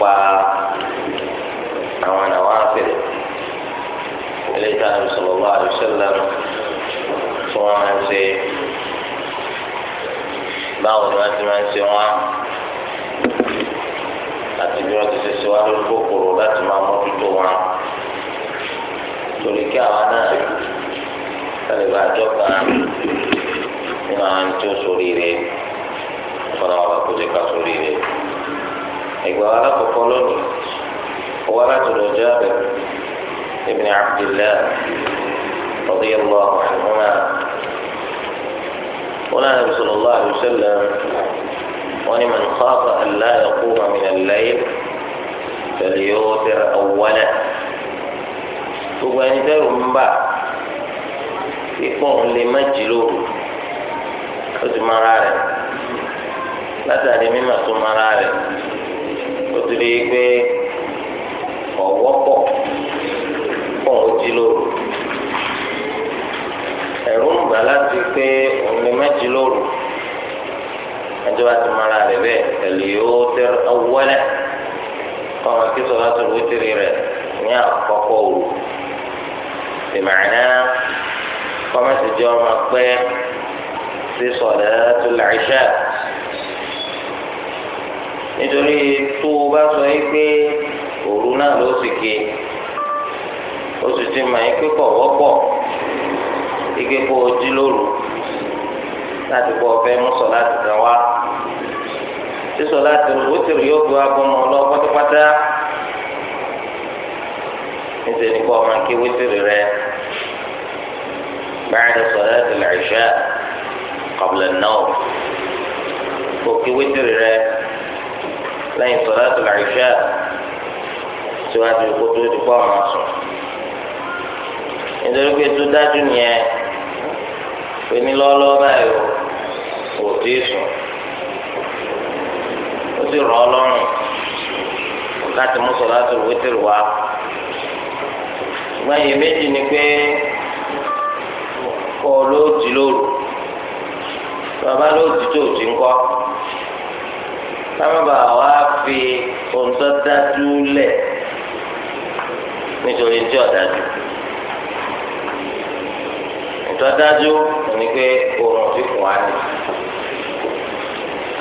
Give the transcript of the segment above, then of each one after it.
nípa àwọn àwọn àfẹrẹ eléyìí tá a lè sọ̀rọ̀ wá àdùsẹ́lẹ̀ tí wọ́n máa ń ṣe báwo ni wọ́n ti máa ń ṣe wọ́n àti bí wọ́n ti ṣe ṣe wá lórí kòkòrò láti máa mójútó wọn torí kí àwọn náà lè bá jọ kan nínú àwọn tó sórí rẹ̀ fọlọ́wọ́ kó jẹ́ ká sórí rẹ̀. ìgbà wa lákòókò lónìí wa látọ̀dọ̀ Jabir ibn Abdillah radiyallahu anhuma wọn náà nabi sallallahu alayhi wa sallam wọn ni man khafa an la yaquma min al-layl falyutir awwalahu gbogbo ẹni dẹrù ń bà pípọ̀ ń lè má jí lóru ó ti mara rẹ̀ látàrí mímọ̀ tó mara rẹ̀. ó ti rí i pé ọ̀wọ́pọ̀ pọ̀ ó jí lóru ẹ̀rú ń gbà láti pé òun lè má jí lóru ẹjọ́ bá ti mara rẹ̀ bẹ́ẹ̀ pẹ̀lú yóò tẹ ọwọ́lẹ̀ kọ́ ọmọ kí sọ̀rọ̀ tó lóò rẹ̀ ní àkọ́kọ́ òru tìmọ̀nà kọ́mẹ́sì jẹ́ ọmọ pẹ́ sí tó làṣẹ́ nítorí tó o bá sọ yìí pé òru náà ló sì ké o sì ti mọ̀ yìí pé kọ̀ wọ́pọ̀ ike kó o dí lóru láti kó o fẹ́ mú sọ láti tẹ̀ wá sísọ láti rò ó ti rí òkú agbọmọ ọlọ́pọ̀ pátápátá nítorí kó o máa ké wítìrì rẹ báyìí sọ̀rọ̀ láti lè ṣe àkọ́bùlẹ̀ náà kó o ké wítìrì rẹ lẹ́yìn sọlá tó lè ṣe síwájú kó tó ti pọ̀ sùn nítorí pé tó dájú nìyẹn pé ní lọ́ọ́lọ́ọ́ báyìí ò tí ì sùn ó sì rọ̀ ọ́ lọ́rùn láti mú sọlá tó wítìrì wá ṣùgbọ́n iye méjì ni pé kọ́ ló ti lóru bàbá ló ti tó ti ń kọ́ sábà wá fi ohun tó dájú lẹ̀ nítorí tí ọ̀dájú ìtọ́dájú ni pé oorun ti kùn á ní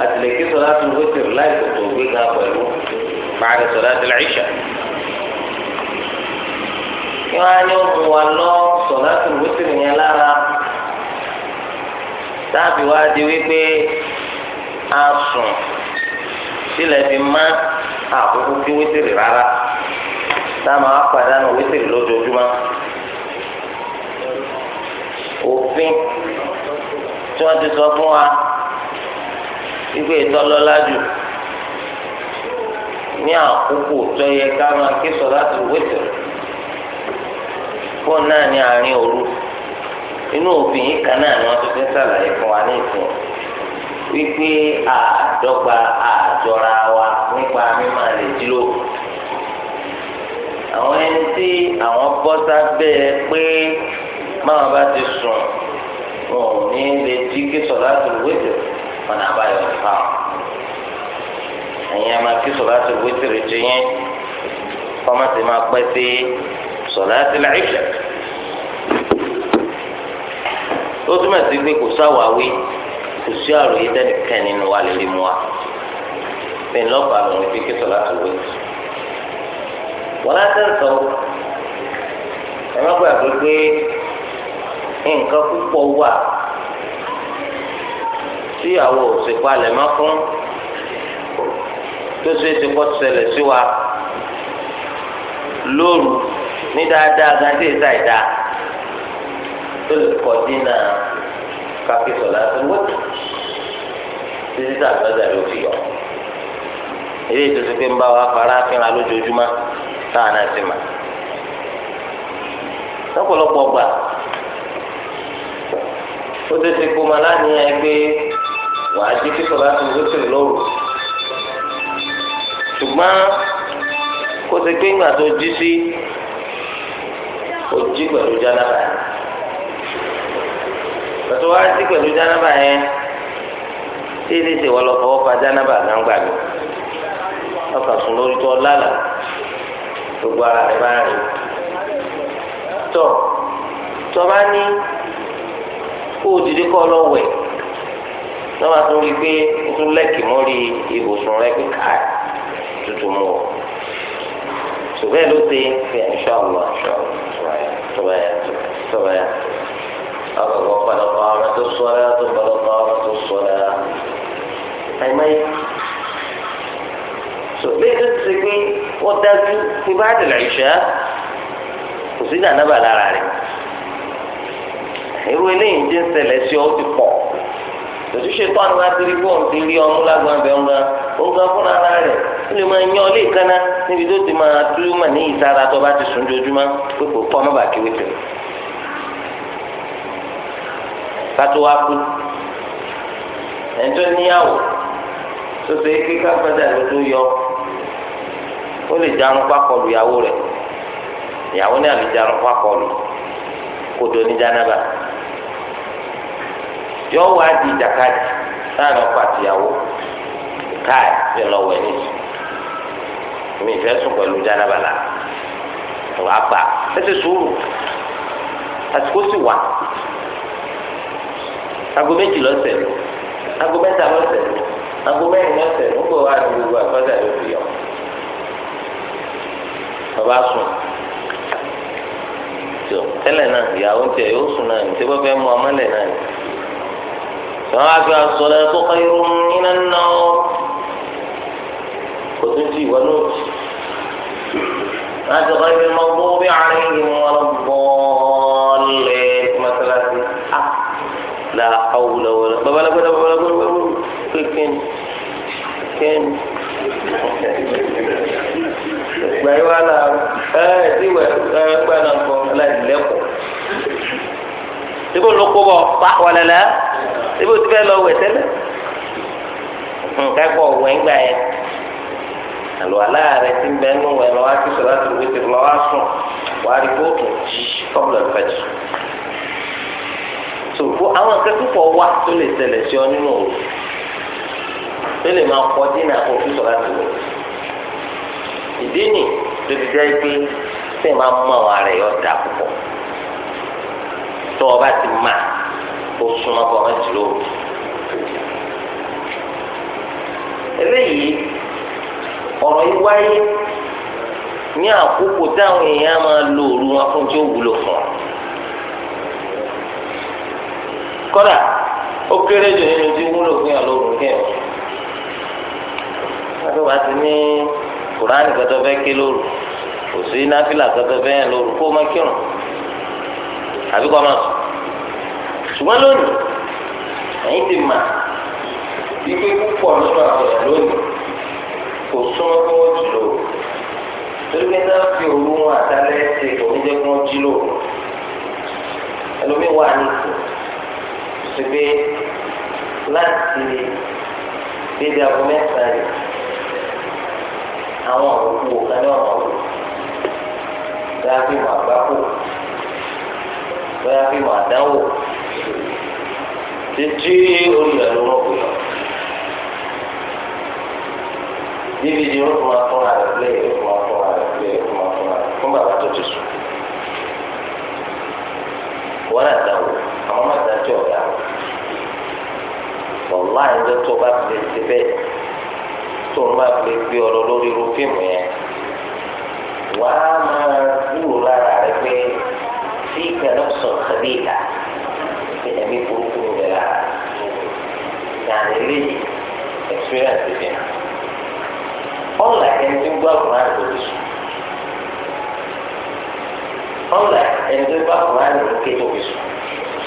àtìlẹ́kí sọlá tó wétè láì kòtò gbéga pẹ̀lú parí sọlá tó láìṣà kí wọ́n á ní ohun wa lọ sọlá tó wétè yẹn lára táàbì wá di wípé a sùn tílẹ̀ fi má àkókò kí wítìrì rárá táwọn apàdánù wítìrì lójoojúmọ́ òfin tí wọ́n ti sọ fún wa wípé ìtọ́lọ́lá jù ní àkókò tó yẹ ká máa ké sọ láti wítìrì fóònù náà ní àárín òru inú òfin yìí kan náà ni wọ́n ti fi ń sàlàyé fún wa ní ìsìn yìí wípé àdọ́gba àjọra wa nípa mímọ̀ lè dúró. àwọn ẹni tí àwọn bọ́ sábẹ́ pé máa bá ti sùn wọn ò ní lè jí kí sọ̀rọ̀ àti wíìtì ọ̀nà àbáyọ nípa ẹ̀yin a máa kí sọ̀rọ̀ àti wíìtì rẹ̀ jẹ́ yẹn kọ́mọ̀tì máa pẹ́ sí sọ̀rọ̀ àti làìṣẹ̀. ó túmọ̀ sí pé kò sáwàá wí kò sí àròyé dẹ́nìkan nínú wa lè rí mu wa fi lọ́ọ̀bù àlùmí fi kí sọ̀rọ̀ àlùwẹ̀ tù. wọ́n á tẹ̀ sọ ẹ má gbàgbé pé nǹkan púpọ̀ wà tí àwọn òsèpá alẹ̀ má fún tó ṣe é ti kọ́ ṣẹlẹ̀ sí wa lóru ní dáadáa gàdé ìta ìta tó lè kọ́ dínà káfí sọ̀lá tó wọ́tì títí tá àgbàdà yóò fi yọ. eré ìtòsí pé ń bá wa fara fínra lójoojúmọ́ táwọn náà ti mà. lọ́pọ̀lọpọ̀ gbà ó ti ti kó máa láníyàn pé wàá jí kí sọ̀lá tó wọ́tì lóru. ṣùgbọ́n kó ti pé ìgbà tó jí sí ojú pẹ̀lú jánábà pẹ̀tù wá sí pẹ̀lú jánábà yẹn tí ilé ṣe wọ́n lọ fọwọ́ fa jánábà gbangba mi ọkà sùn lórí tó lálà gbogbo ara rẹ̀ bá rìn tọ̀ tọ́ba ní kó o dìde kọ́ lọ wẹ̀ lọ́wọ́ tó rí pé o tún lẹ́kì mọ́rí ibùsùn rẹ pé ká tutù mu o ṣùgbọ́n ẹ ló ṣe fi inshallah inshallah tọ́ba yà tọ́ba yà tọ́ba yà. وقد قامت الصلاة قد قامت الصلاة أي ما ليه تسكي وداكي في بعد العشاء وزيد أنا بقى لا عارف irú eléyìí ti ń ṣẹlẹ̀ sí ọ ti pọ̀ tòtú ṣe tọ́ ni wọ́n á ti rí bóun ti rí ọmú lágbàbẹ̀ ọ̀gá ọ̀gá fúnra ara rẹ̀ ó lè máa yan ọlé kaná níbi tó ti máa tú mà ní ìsara tó bá ti sùn dojúmọ́ pé kò kọ́ ọmọ bàtí kátó wá kú ẹni tó níyàwó tó ṣe é kíkà gbọ́dọ̀ ló tó yọ ó lè jarun pákọlù ìyàwó rẹ̀ ìyàwó náà lè jarun pákọlù kódó ní jánábà yọ wá di ìjàkadì láàrin ọkọ àtìyàwó káì ṣe lọ wẹ ní mi ìfẹ́ sùn pẹ̀lú jánábà là wàá gbà ẹ ti sùúrù àsìkò sì wà aago méjì lọ́sẹ̀ lọ aago mẹ́ta lọ́sẹ̀ lọ aago mẹ́rin lọ́sẹ̀ lọ ńgbọ̀ wá ní gbogbo àkọ́sẹ̀ ló fi yọ. bàbá sùn tó tẹ́lẹ̀ náà ìyàwó tiẹ̀ yóò sùn náà ní tẹ́wọ́ fẹ́ mú ọmọlẹ̀ náà ní. sọ wá fi aṣọ rẹ tó kọ́ irú nínú náà kò tún ti ìwọ náà láti kọ́ ibi mọ́ gbogbo bí àárín ìwọ̀n lọ́ la awùlọ wọlé babalagbada babalagbada pé kéènì kéènì ìgbà yìí wà lá ẹ ẹ ti wẹ ẹ gbà náà kọ láti lẹkọ ibo ló kó bọ pa wọlé lẹ ibo ti fẹ lọ wẹ tẹlẹ nǹkan hmm, kọ wẹ ń gbà yẹn àlọ aláàrẹ ti ń bẹ nù wẹ lọ wá ti sọ láti wẹ tẹ lọ wá sùn wàá rí kóòtù jí kọbùlà fẹjì sòfò àwọn nǹkan tó pọ̀ wá tó lè ṣẹlẹ̀ sí ọ nínú òru tó lè máa kọ dínà òfin sọ̀rọ̀ àti lò ìdí nì tó ti jẹ́ pé sẹ́ẹ̀ máa mú àwọn ara yọ dà púpọ̀ tó o bá ti mà ó súnmọ́ kọ́ ọ́n jù lóru eléyìí ọ̀rọ̀ yìí wáyé ní àkókò táwọn èèyàn máa lo òru wọn fún tí ó wúlò fún ọ kọ́dà ó kéré jù nínú tí wúlò fún yàn lóru kí ẹ̀ wọ́n bá ti ní kùránì kọ́tọ́ fẹ́ ké lóru kò sí náfìlà kọ́tọ́ fẹ́ yàn lóru kó o má kírun àbí kọ́ máa sùn ṣùgbọ́n lónìí ẹ̀yin ti mà ipe púpọ̀ nínú àwọn èèyàn lónìí kò súnmọ́ kí wọ́n jù lò torí fi òru wọn àtàlẹ́ ṣe kò ní jẹ́ kí wọ́n jí lò ẹlòmíín wà ní pépé láti dédé aago mẹ́sàn-án rẹ̀ àwọn òkú kan ní ọ̀nà òkú bóyá fi mọ̀ àgbákò bóyá fi mọ̀ àdánwò títí olùyẹ̀lò wọn kò yọ. níbi ìdí wọn kò máa fún ara rẹ̀ lé kò fún ara rẹ̀ lé fún ara rẹ̀ fún bàbá tó ti sùn. wọn náà àwọn máa dájọ́ ọ̀gá. wàllá ìjọ tó bá fi lè ṣe bẹ́ẹ̀ tó ń bá fi lè gbé ọ̀rọ̀ lórí irú fíìmù yẹn wà á máa dúró lára rẹ pé tí ìkànnì sọ kàdé ìlà ṣe ìdàmí burúkú ń bẹ lára ìdáná eléyìí experience bẹ ọ̀là ẹni tó gbọ́ àkùnrin àti oṣù ọ̀là ẹni tó gbọ́ àkùnrin àti oṣù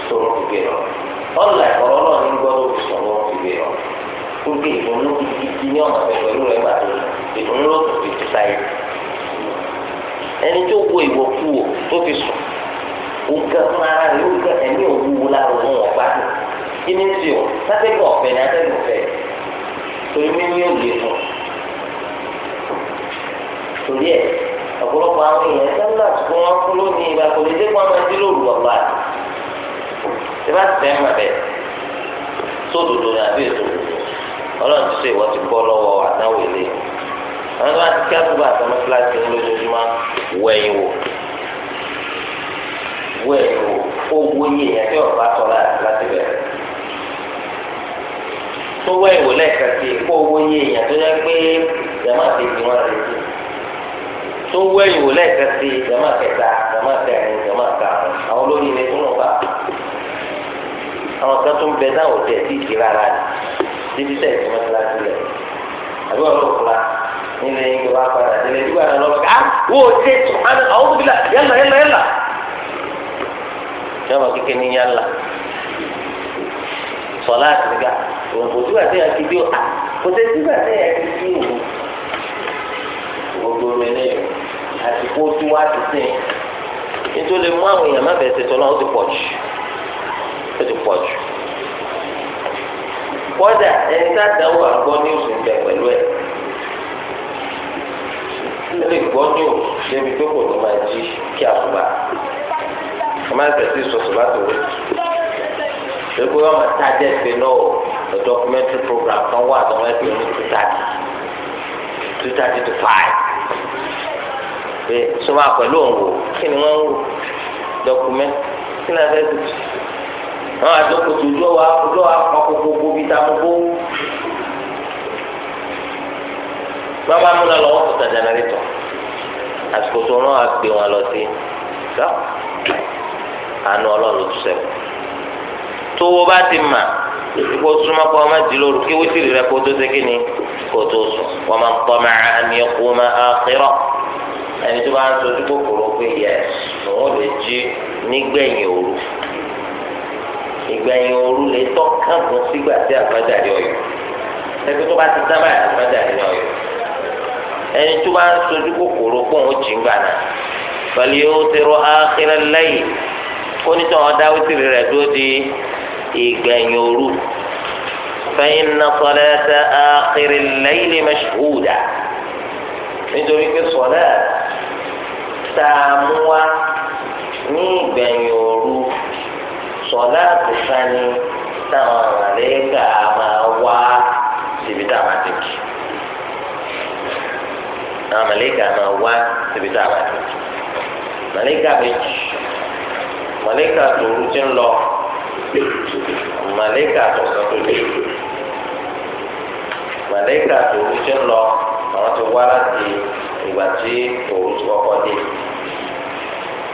tó ń gbé lọ. ọ̀là ìkọ̀rọ̀ náà ní gbọ́dọ̀ ìṣòro ìwé ọ̀ kó gbé ìfòmù títí ní ọ̀nà pẹ̀lú rẹ̀ gbà tó ìfòmù ló tó fi tó sáyé ẹni tó wo ìwọ̀kú wò tó fi sùn ó gẹ́ fún ara rẹ̀ ó gẹ́ ẹ̀mí òwúwo lára òun ọ̀gbá tó kí ni ti o sátẹ́gùn ọ̀fẹ́ ni atẹ́gùn fẹ́ torí mi ní òye fún torí ẹ̀ ọ̀pọ̀lọpọ̀ àwọn èèyàn sábà tó wọn kú lónìí ìgbà kò lè dé kó àwọn ẹdí lóru ọ̀gbà tó ṣé bá ti tẹ́ mọ̀ bẹ́ẹ̀ sódodo ní àbí ètò ọlọ́run ti sọ ìwọ ti bọ́ lọ́wọ́ àdáwò ilé àwọn tó bá ti kí àtúbà àtàwọn fúláṣí ń lójoojúmọ́ wẹ̀yìn wò wẹ̀yìn wò ó wo yé yẹn kí ọ̀bá tọ́ láti bẹ̀rẹ̀ tó wẹ̀yìn wò lẹ́ẹ̀kan sí i kó owó yé yẹn tó yẹ pé jama ti di wọn lè ti tó wẹ̀yìn wò lẹ́ẹ̀kan sí i jama kẹta jama kẹrin jama karùn àwọn olóyìn ni tó bá a àwọn kan tó ń bẹ náà ò tẹ̀ sí ìdí rárá ni débi tẹ̀ sí mọ́tíláṣí rẹ̀ àbí ọ̀rọ̀ òkúra nílé yín wá padà nílé yín wá lọ́wọ́ ká wò ó tẹ̀ tó hánà àwọn òbí là yálà yálà yálà yọmọ kékeré ní yálà sọlá àtìgá òtún àti àti bí ó kò tẹ̀ sí àti àti bí ó gbogbo rẹ̀ lẹ́yìn àti kó tún wá ti sìn nítorí mú àwọn èèyàn má bẹ̀ẹ́ ṣe tọ́lá ó ti pọ̀ jù ó ti pọ̀ jù kọ́dà ẹni tá a dáwọ́ àgbọ́ ní oṣù tẹ̀ pẹ̀lú ẹ̀ ó lè gbọ́ ní oṣù débi tó kò ní máa jí kí àfúgbà ẹ má tẹ̀sí sọ̀tún láti wẹ̀ gbogbo wọn máa tá a jẹ́ pé náà the documentary program kan wà tó wọ́n pè ní two thirty two thirty to five pé sọ ma pẹ̀lú òun kí ni wọ́n ń wò document kí ni a fẹ́ tuntun àwọn àjọkòtò ojú ọwà ojú ọwà kan gbogbo bíi ta gbogbo bàbá múná lọ wọn kọta jẹnẹrétọ àsìkò tó rán àgbè wọn lọ sí sọ àánú Ọlọ́run tó ṣẹlẹ̀ tó wo bá ti mà kó súnmọ́ kó ọmọ jìlọ rú kí wítìrì rẹ kó tó ṣégé ni kó tó sùn wọn máa ń tọ́ máa àmì ẹ̀kú máa àkírọ̀ ẹni tó bá ń sojú kòkòrò pé yẹ òun ò lè jí nígbẹ̀yìn òru ìgbẹ̀yìn ooru lè tọ́ káàbọ̀ sígbà tí àbájáde ọ̀yọ́ ẹgbẹ́ tó bá ti dábà àbájáde ọ̀yọ́ ẹni tó bá ń sojú kòkòrò pọ̀n ó jì ń gbà náà pẹ̀lú yóò ti rọ ákéré lẹ́yìn kó nítorí àwọn dáwítìrì rẹ̀ dúró di ìgbẹ̀yìn ooru fẹ́yìn náà sọlẹ́ tẹ ákéré lẹ́yìn lè mẹ́ṣúùdà nítorí pé sọlẹ́ sọ̀lá àtìsán ni táwọn màlẹ́kà máa wá síbi tá a máa tẹ̀kì àwọn màlẹ́kà máa wá síbi tá a máa tẹ̀kì màlẹ́kà méjì màlẹ́kà tòru ti ń lọ màlẹ́kà tọ̀sán tó dé màlẹ́kà tòru ti ń lọ àwọn ti wá láti ìgbà tí tòru ti kọ́kọ́ dé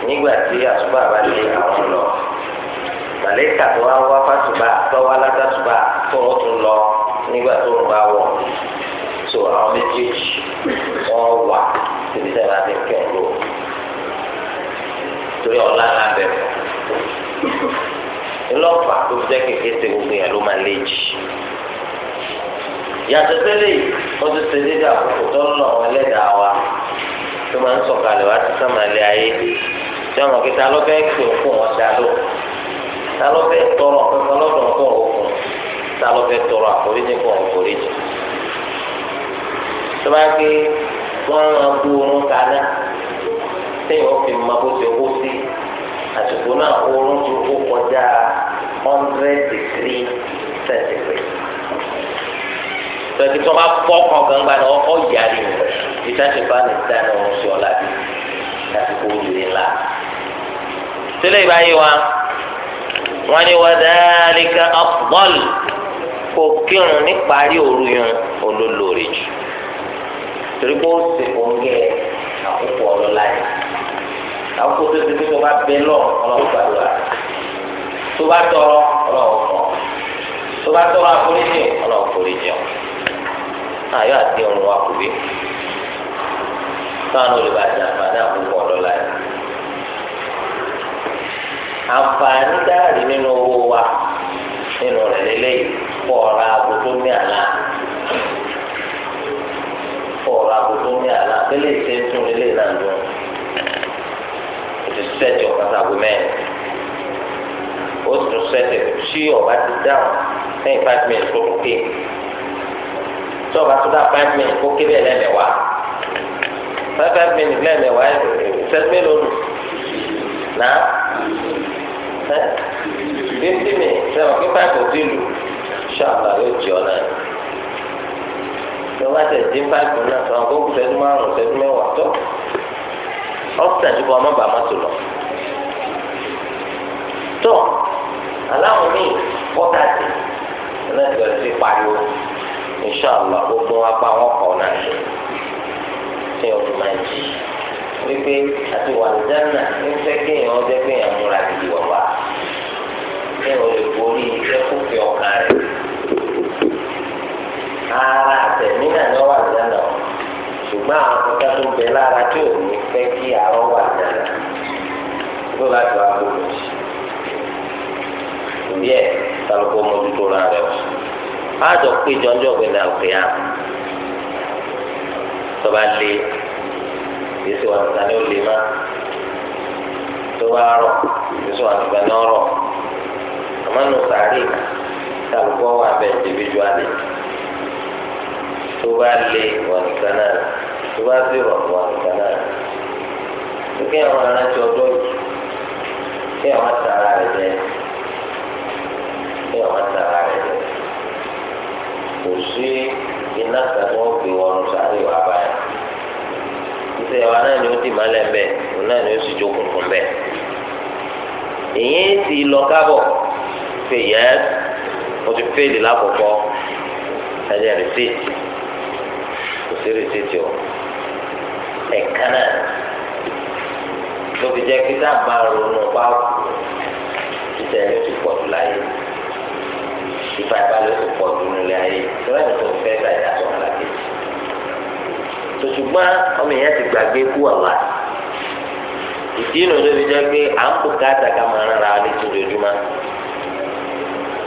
nígbà tí àtúbà bá dé àwọn lọ màlẹ́kà tó wá wá fásùbà tó wá látàsùbà tó o tún lọ nígbà tó o bá wọ̀ so àwọn méjèèjì wọ́n wà síbi tí a bá ti ń kẹ́ ọ̀rọ̀ torí ọ̀la ńlá bẹ̀ fún ńlọ́fà tó fi jẹ́ kékeré ṣe gbogbo yẹn ló máa lé jì yàtọ̀ tẹ́lẹ̀ wọ́n ti ṣe dédé àkókò tó ń lọ àwọn ẹlẹ́dàá wa tó máa ń sọ̀kalẹ̀ wá sí sàmàlẹ́ ayé tí wọ́n mọ̀ kí ta ló fẹ́ pè fún wọn ṣáà lóko talọ́fẹ́ tọrọ kankan lọ́dọ̀ ọkọ òkun talọ́fẹ́ tọrọ àforíjì kọ àforíjì. tó bá gbé wọn máa kú oorun kaná téèyàn fi máa bó ṣe kó sí àsìkò náà oorun ti kó kọjá hundred degree centigrade. tọ́jú tó bá fọ́ kan gbangba náà ọkọ̀ yàrá ìwé ìtàṣẹ́fà nìkan náà ń ṣe ọ̀la bí àsìkò olùlé ńlá. tẹ́lẹ̀ ìbáyé wa wọ́n ní wadhalika afdal kò kírun níparí òru yun olólórí jù torí pé ó sì kò ń gẹ àkókò ọlọ́lá yìí àkókò tó ti fi tó bá bẹ lọ ọlọ́run tó bá tọrọ ọlọ́run tó bá tọrọ àforíjì ọlọ́run foríjì ọ ayọ̀ àti ọrùn wa kò bí báwọn olùbàdàn àbàdàn àkókò ọlọ́lá yìí àǹfààní dáàrí nínú owó wa nínú rẹ̀ lélẹ́yìí fọ̀ọ̀rọ̀ ààbò tó ní àlá fọ̀ọ̀rọ̀ ààbò tó ní àlá tẹ́lẹ̀ ṣe ń tún lélẹ̀ náà lọ ètò sẹ́ẹ̀tì ọ̀pá sàbò mẹ́rin ó sì tún sẹ́ẹ̀tì sí ọ̀pá ti dáhùn lẹ́yìn five minutes kó tó ké tí ọ̀pá tó dá five minutes kó ké bẹ́ẹ̀ lẹ́mẹ̀wàá five five minutes lẹ́mẹ̀wàá ẹ̀ sẹ́ẹ̀tì mélòó nù náà ẹ́ fífi mi sẹ́wọ̀n kí páìpù ti lù ṣáàpà yóò jẹ́ ọ náà tí wọ́n bá tẹ̀ dín páìpù náà sọ̀rọ̀ kó kù sẹ́dún márùn-ún sẹ́dún mẹ́wàá tó ọ́fíìsì àdúgbò ọmọ bàá má tó lọ. tó aláwọ̀ míì pọ́tàtì náà ti bẹ̀rẹ̀ sí pariwo inṣàlá gbogbo apá wọn kọ̀ náà ṣe ṣe òun máa jì wípé àti wàlúùdánà ń fẹ́ kéèyàn ọjọ́ kéèyàn múra gidi wọ̀ wá ẹ ò lè borí ìjẹkùfẹ ọkàn rẹ ara àtẹ̀mí náà ni wọ́n wà lẹ́nà ṣùgbọ́n àwọn akọ́kọ́ tó ń bẹ lára tí ò ní fẹ́ kí arọ́ wà lẹ́nà ló láti wá gbogbo sí ìbí ẹ̀ kálukú mójútó ra rẹ̀ o á jọ pé jọjọ gbẹdà òkè á tọba lé yéésù wà nígbà ní ó má tó bá rọ yéésù wà nígbà ní ó àmọ́ nù sàárè sàlùkọ́ wà bẹ́ẹ̀ individually tó bá lé wọn nìkan náà tó bá sì rọ̀ wọn nìkan náà tó kí àwọn aráńtí ọjọ́ yìí kí àwọn sàrà rẹ̀ jẹ́ kí àwọn sàrà rẹ̀ jẹ́ kò sí iná kan tó ń gbé wọn sàárè wà báyìí ṣe wa náà ni ó ti máa lẹ́ẹ̀bẹ̀ òun náà ni ó sì jókòó fún bẹ́ẹ̀ èyí ti lọ kábọ̀ pé yẹs mo ti fèèdì lákòókò ẹ̀jẹ̀ rìsíìtì kò sí rìsíìtì o ẹ̀ka náà tó fi jẹ́ kí dáàbà ronú bá títẹ̀ yóò ti pọ̀ jù láyé ìfà ìbálẹ̀ yóò ti pọ̀ jù nílẹ̀ ayé ìrẹ́ mi tó fẹ́ ta ìyàtọ̀ alágbèjì tòṣùgbọ́n ọmọ ìyẹn ti gbàgbé kú ọ̀la ìdí inú tó fi pé à ń bùkátà ká máa rárá létí ojoojúmọ́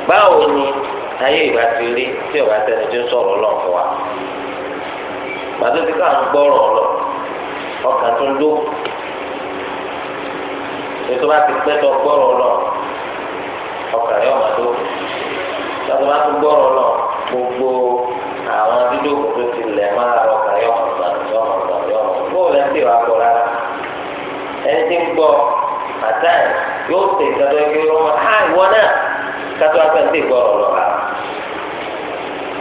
báwo ni ayé ìgbà ti rí tí ọba tẹni tó ń sọ̀rọ̀ lọ fún wa pàtó tí ká ń gbọ́rọ̀ lọ ọkàn tó ń dó ètò bá ti pẹ́ tó gbọ́rọ̀ lọ ọkàn yóò máa dó tọ́tù bá tó gbọ́rọ̀ lọ gbogbo àwọn dídó tó ti lẹ̀ máa rọ ọkàn yóò máa gbà yóò máa gbà yóò máa gbọ́ ọ̀rẹ́ tí wàá gbọ́ rárá ẹni tí ń gbọ́ àtàyè yóò tẹ̀ ìtàdọ́ ẹgbẹ́ yóò máa ha ìwọ náà kátó afẹ́ǹtì gbọ́rọ̀ lọ ha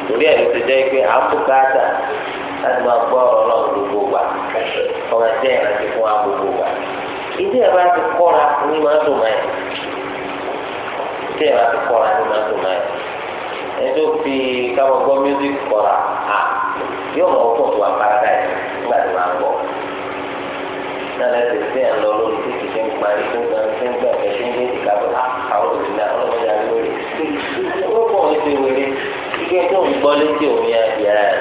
torí ẹ̀ ló ti jẹ́ pé àbúkátà láti máa gbọ́rọ̀ lọ gbogbo wa ọmọ ẹ̀jẹ̀ ìrántí fún wa gbogbo wa ìdí ẹ̀ bá ti kọ́ra ní máa dùn máa yẹ ìdí ẹ̀ bá ti kọ́ra ní máa dùn máa yẹ ẹjọ́ fi káwọn gbọ́ music kọ́ra ha yóò mọ̀ ọ́ fún wa parada yẹ nígbà tí wọ́n á gbọ́ nálẹ́ tẹ̀sí ẹ̀ lọ lórí títí tí ń parí tó ń ó kọ̀ ọ́ ti wèrè kíkẹ́ tó ń gbọ́ létí òun yẹn yẹ ẹ́.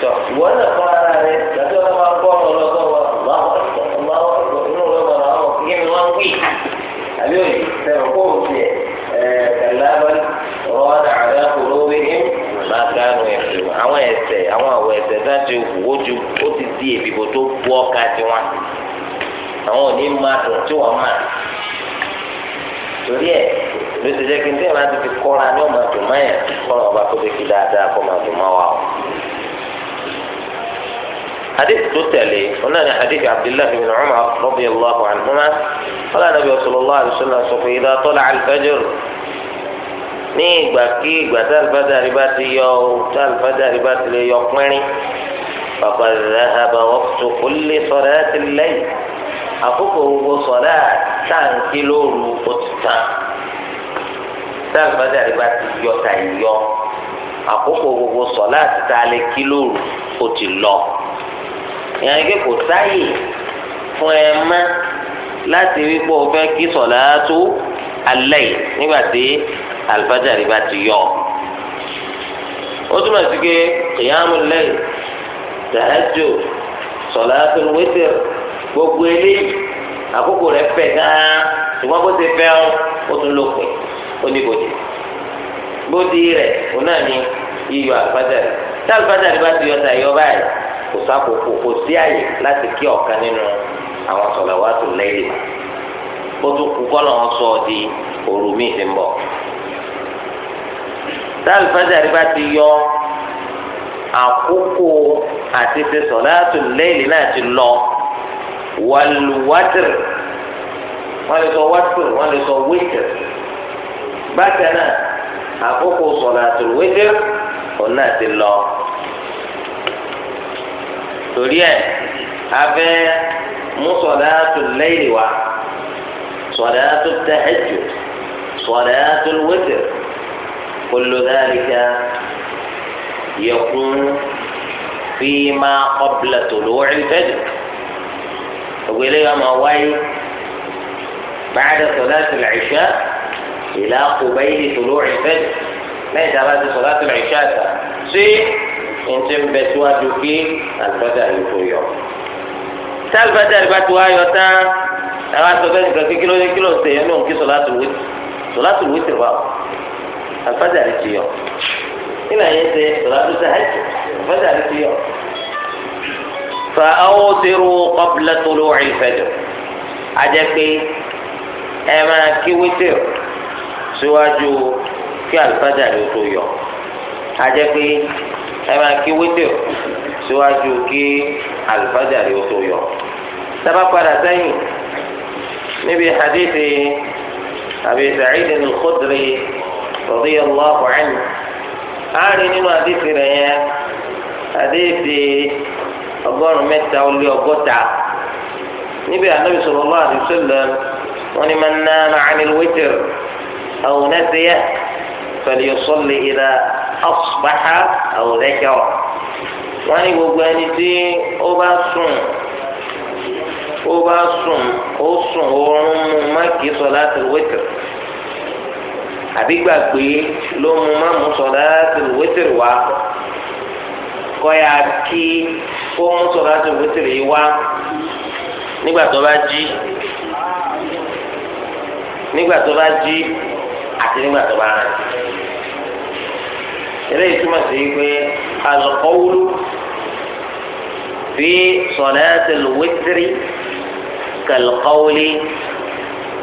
tọ ìwọ náà ara rẹ gàdí ọ̀nà máa ń kọ́ ọ̀nà ọlọ́dọ̀ wa ọ̀làwọ̀ ọ̀làwọ̀ inú rẹ̀ wà láwọn kí ni wọ́n ń wí. àbí òye sẹ́wọ̀n kó o tiẹ̀ àrẹ ní àwọn ẹ̀sẹ̀ àwọn àwọ̀ ẹ̀sẹ̀ ju ó ti di èbìbò tó ọ̀ka tiwọn àwọn òní máa tí wọ́n máa torí ẹ ló ti jẹ́ kí n tẹ́ máa ti fi kọ́ra ní ọmọ àdùn máyà kọ́ra ọba kó tẹ́ kí dáadáa kọ́ máa dùn máa wà o. حديث تتلي هنا حديث عبد الله بن عمر رضي الله عنهما قال النبي صلى الله عليه وسلم إذا طلع الفجر ní ìgbàkigbà tá alifadari bá ti yọ o tá alifadari bá ti lè yọ pínrín bàbá ìdáhàbà wọ́pútù kò lè sọ̀rọ̀ ẹ́ ti lẹ́yìn àkókò owó sọ̀rọ̀ táǹkì lóru ó ti tán táǹkì bá dàrí bá ti yọ tà yọ àkókò gbogbo sọ láti tá a lè kí lóru ó ti lọ ìyẹn kí kò sáyè fún ẹ mọ́ láti rí pé o fẹ́ kí sọ̀lá tó alẹ́ yìí nígbà tí alifájàre bá ti yọ ó túmọ̀ sí pé kìyàmù lẹ́yìn tàájò sọ̀lá tó wẹ́tẹ̀ gbogbo eléyìí àkókò rẹ̀ fẹ̀ gan-an ṣùgbọ́n bó ṣe fẹ́ ó tún lópin ó ní bòdì bòdì rẹ̀ òun náà ní yíyọ àlùfáàjà rẹ̀ tí àlùfáàjà rẹ̀ bá ti yọ tàyọ báyìí kò sákòókò kò sí àyè láti kí ọ̀kan nínú àwọn sọ̀làwátù lẹ́yìn ó tún kú kọ́ lọ́wọ́ sọ ọ́ di òru míì ti ń bọ̀ tí àlùfáàjà rẹ̀ bá ti yọ àkókò àti ti sọ̀làwátù lẹ́yìn náà ti lọ. wàlúwàtìr wọ́n lè sọ wàtìr wọ́n lè sọ wítìr bákan náà àkókò sọ̀làtù wítìr òun náà ti lọ torí ẹ̀ abẹ́ mú sọ̀làtù lẹ́yìn wa kò ló sọ̀làtù tahajjud sọ̀làtù wítìr kullu dhalika tó lówó qabla tulu'i al jù. ògbélé yóò máa wáyé báyìí sọlá ti là ìṣá ìlà kò báyìí tòló ìfẹ́ lẹ́yìn tí a bá ti sọlá ti là ìṣá ta ṣé ntí ń bẹ síwájú kí àlùfáàdà yìí tó yọ. tí àlùfáàdà yìí bá ti wá yọ tán àwọn asọ̀fẹ́ nìkan kí kíló ní kíló ṣe yẹn ní òun kí sọlá tó wí sọlá tó wí tìrọ̀ báwò àlùfáàdà yìí ti yọ. nílẹ̀ yẹn ṣe sọlá tó ṣe àìsàn àlùfáàdà yìí ti yọ fa awtiru qabla tulu'il fajr àjẹpé ẹ máa kí wítìrì síwájú kí àlùfáàjà ló tó yọ àjẹpé ẹ máa kí wítìrì síwájú kí àlùfáàjà ló tó yọ sábà padà sẹ́yìn níbi hadithi Abi Sa'id al-Khudri radiyallahu anhu àárín nínú hadithi rẹ̀ yẹn hadithi ọgọ́rùn mẹ́ta ó lé ọgọ́ta níbi ànábi sallallahu alaihi wasallam wọn ni man nama anil witr aw nasiya falyusalli idha asbaha aw dhakara wọn ni gbogbo ẹni tí ó bá sùn ó bá sùn ó sùn oorun mu má kìí salatul witr àbí gbàgbé ló mu má mu sọ̀rọ̀ láti wétìrì wá kọ́ ya kí kó mú sọ̀rọ̀ àti òfìsìrì yìí wá nígbà tó bá jí nígbà tó bá jí àti nígbà tó bá rìn. eléyìí túmọ̀ sí pé alqawlu fi salati alwitri kalqawli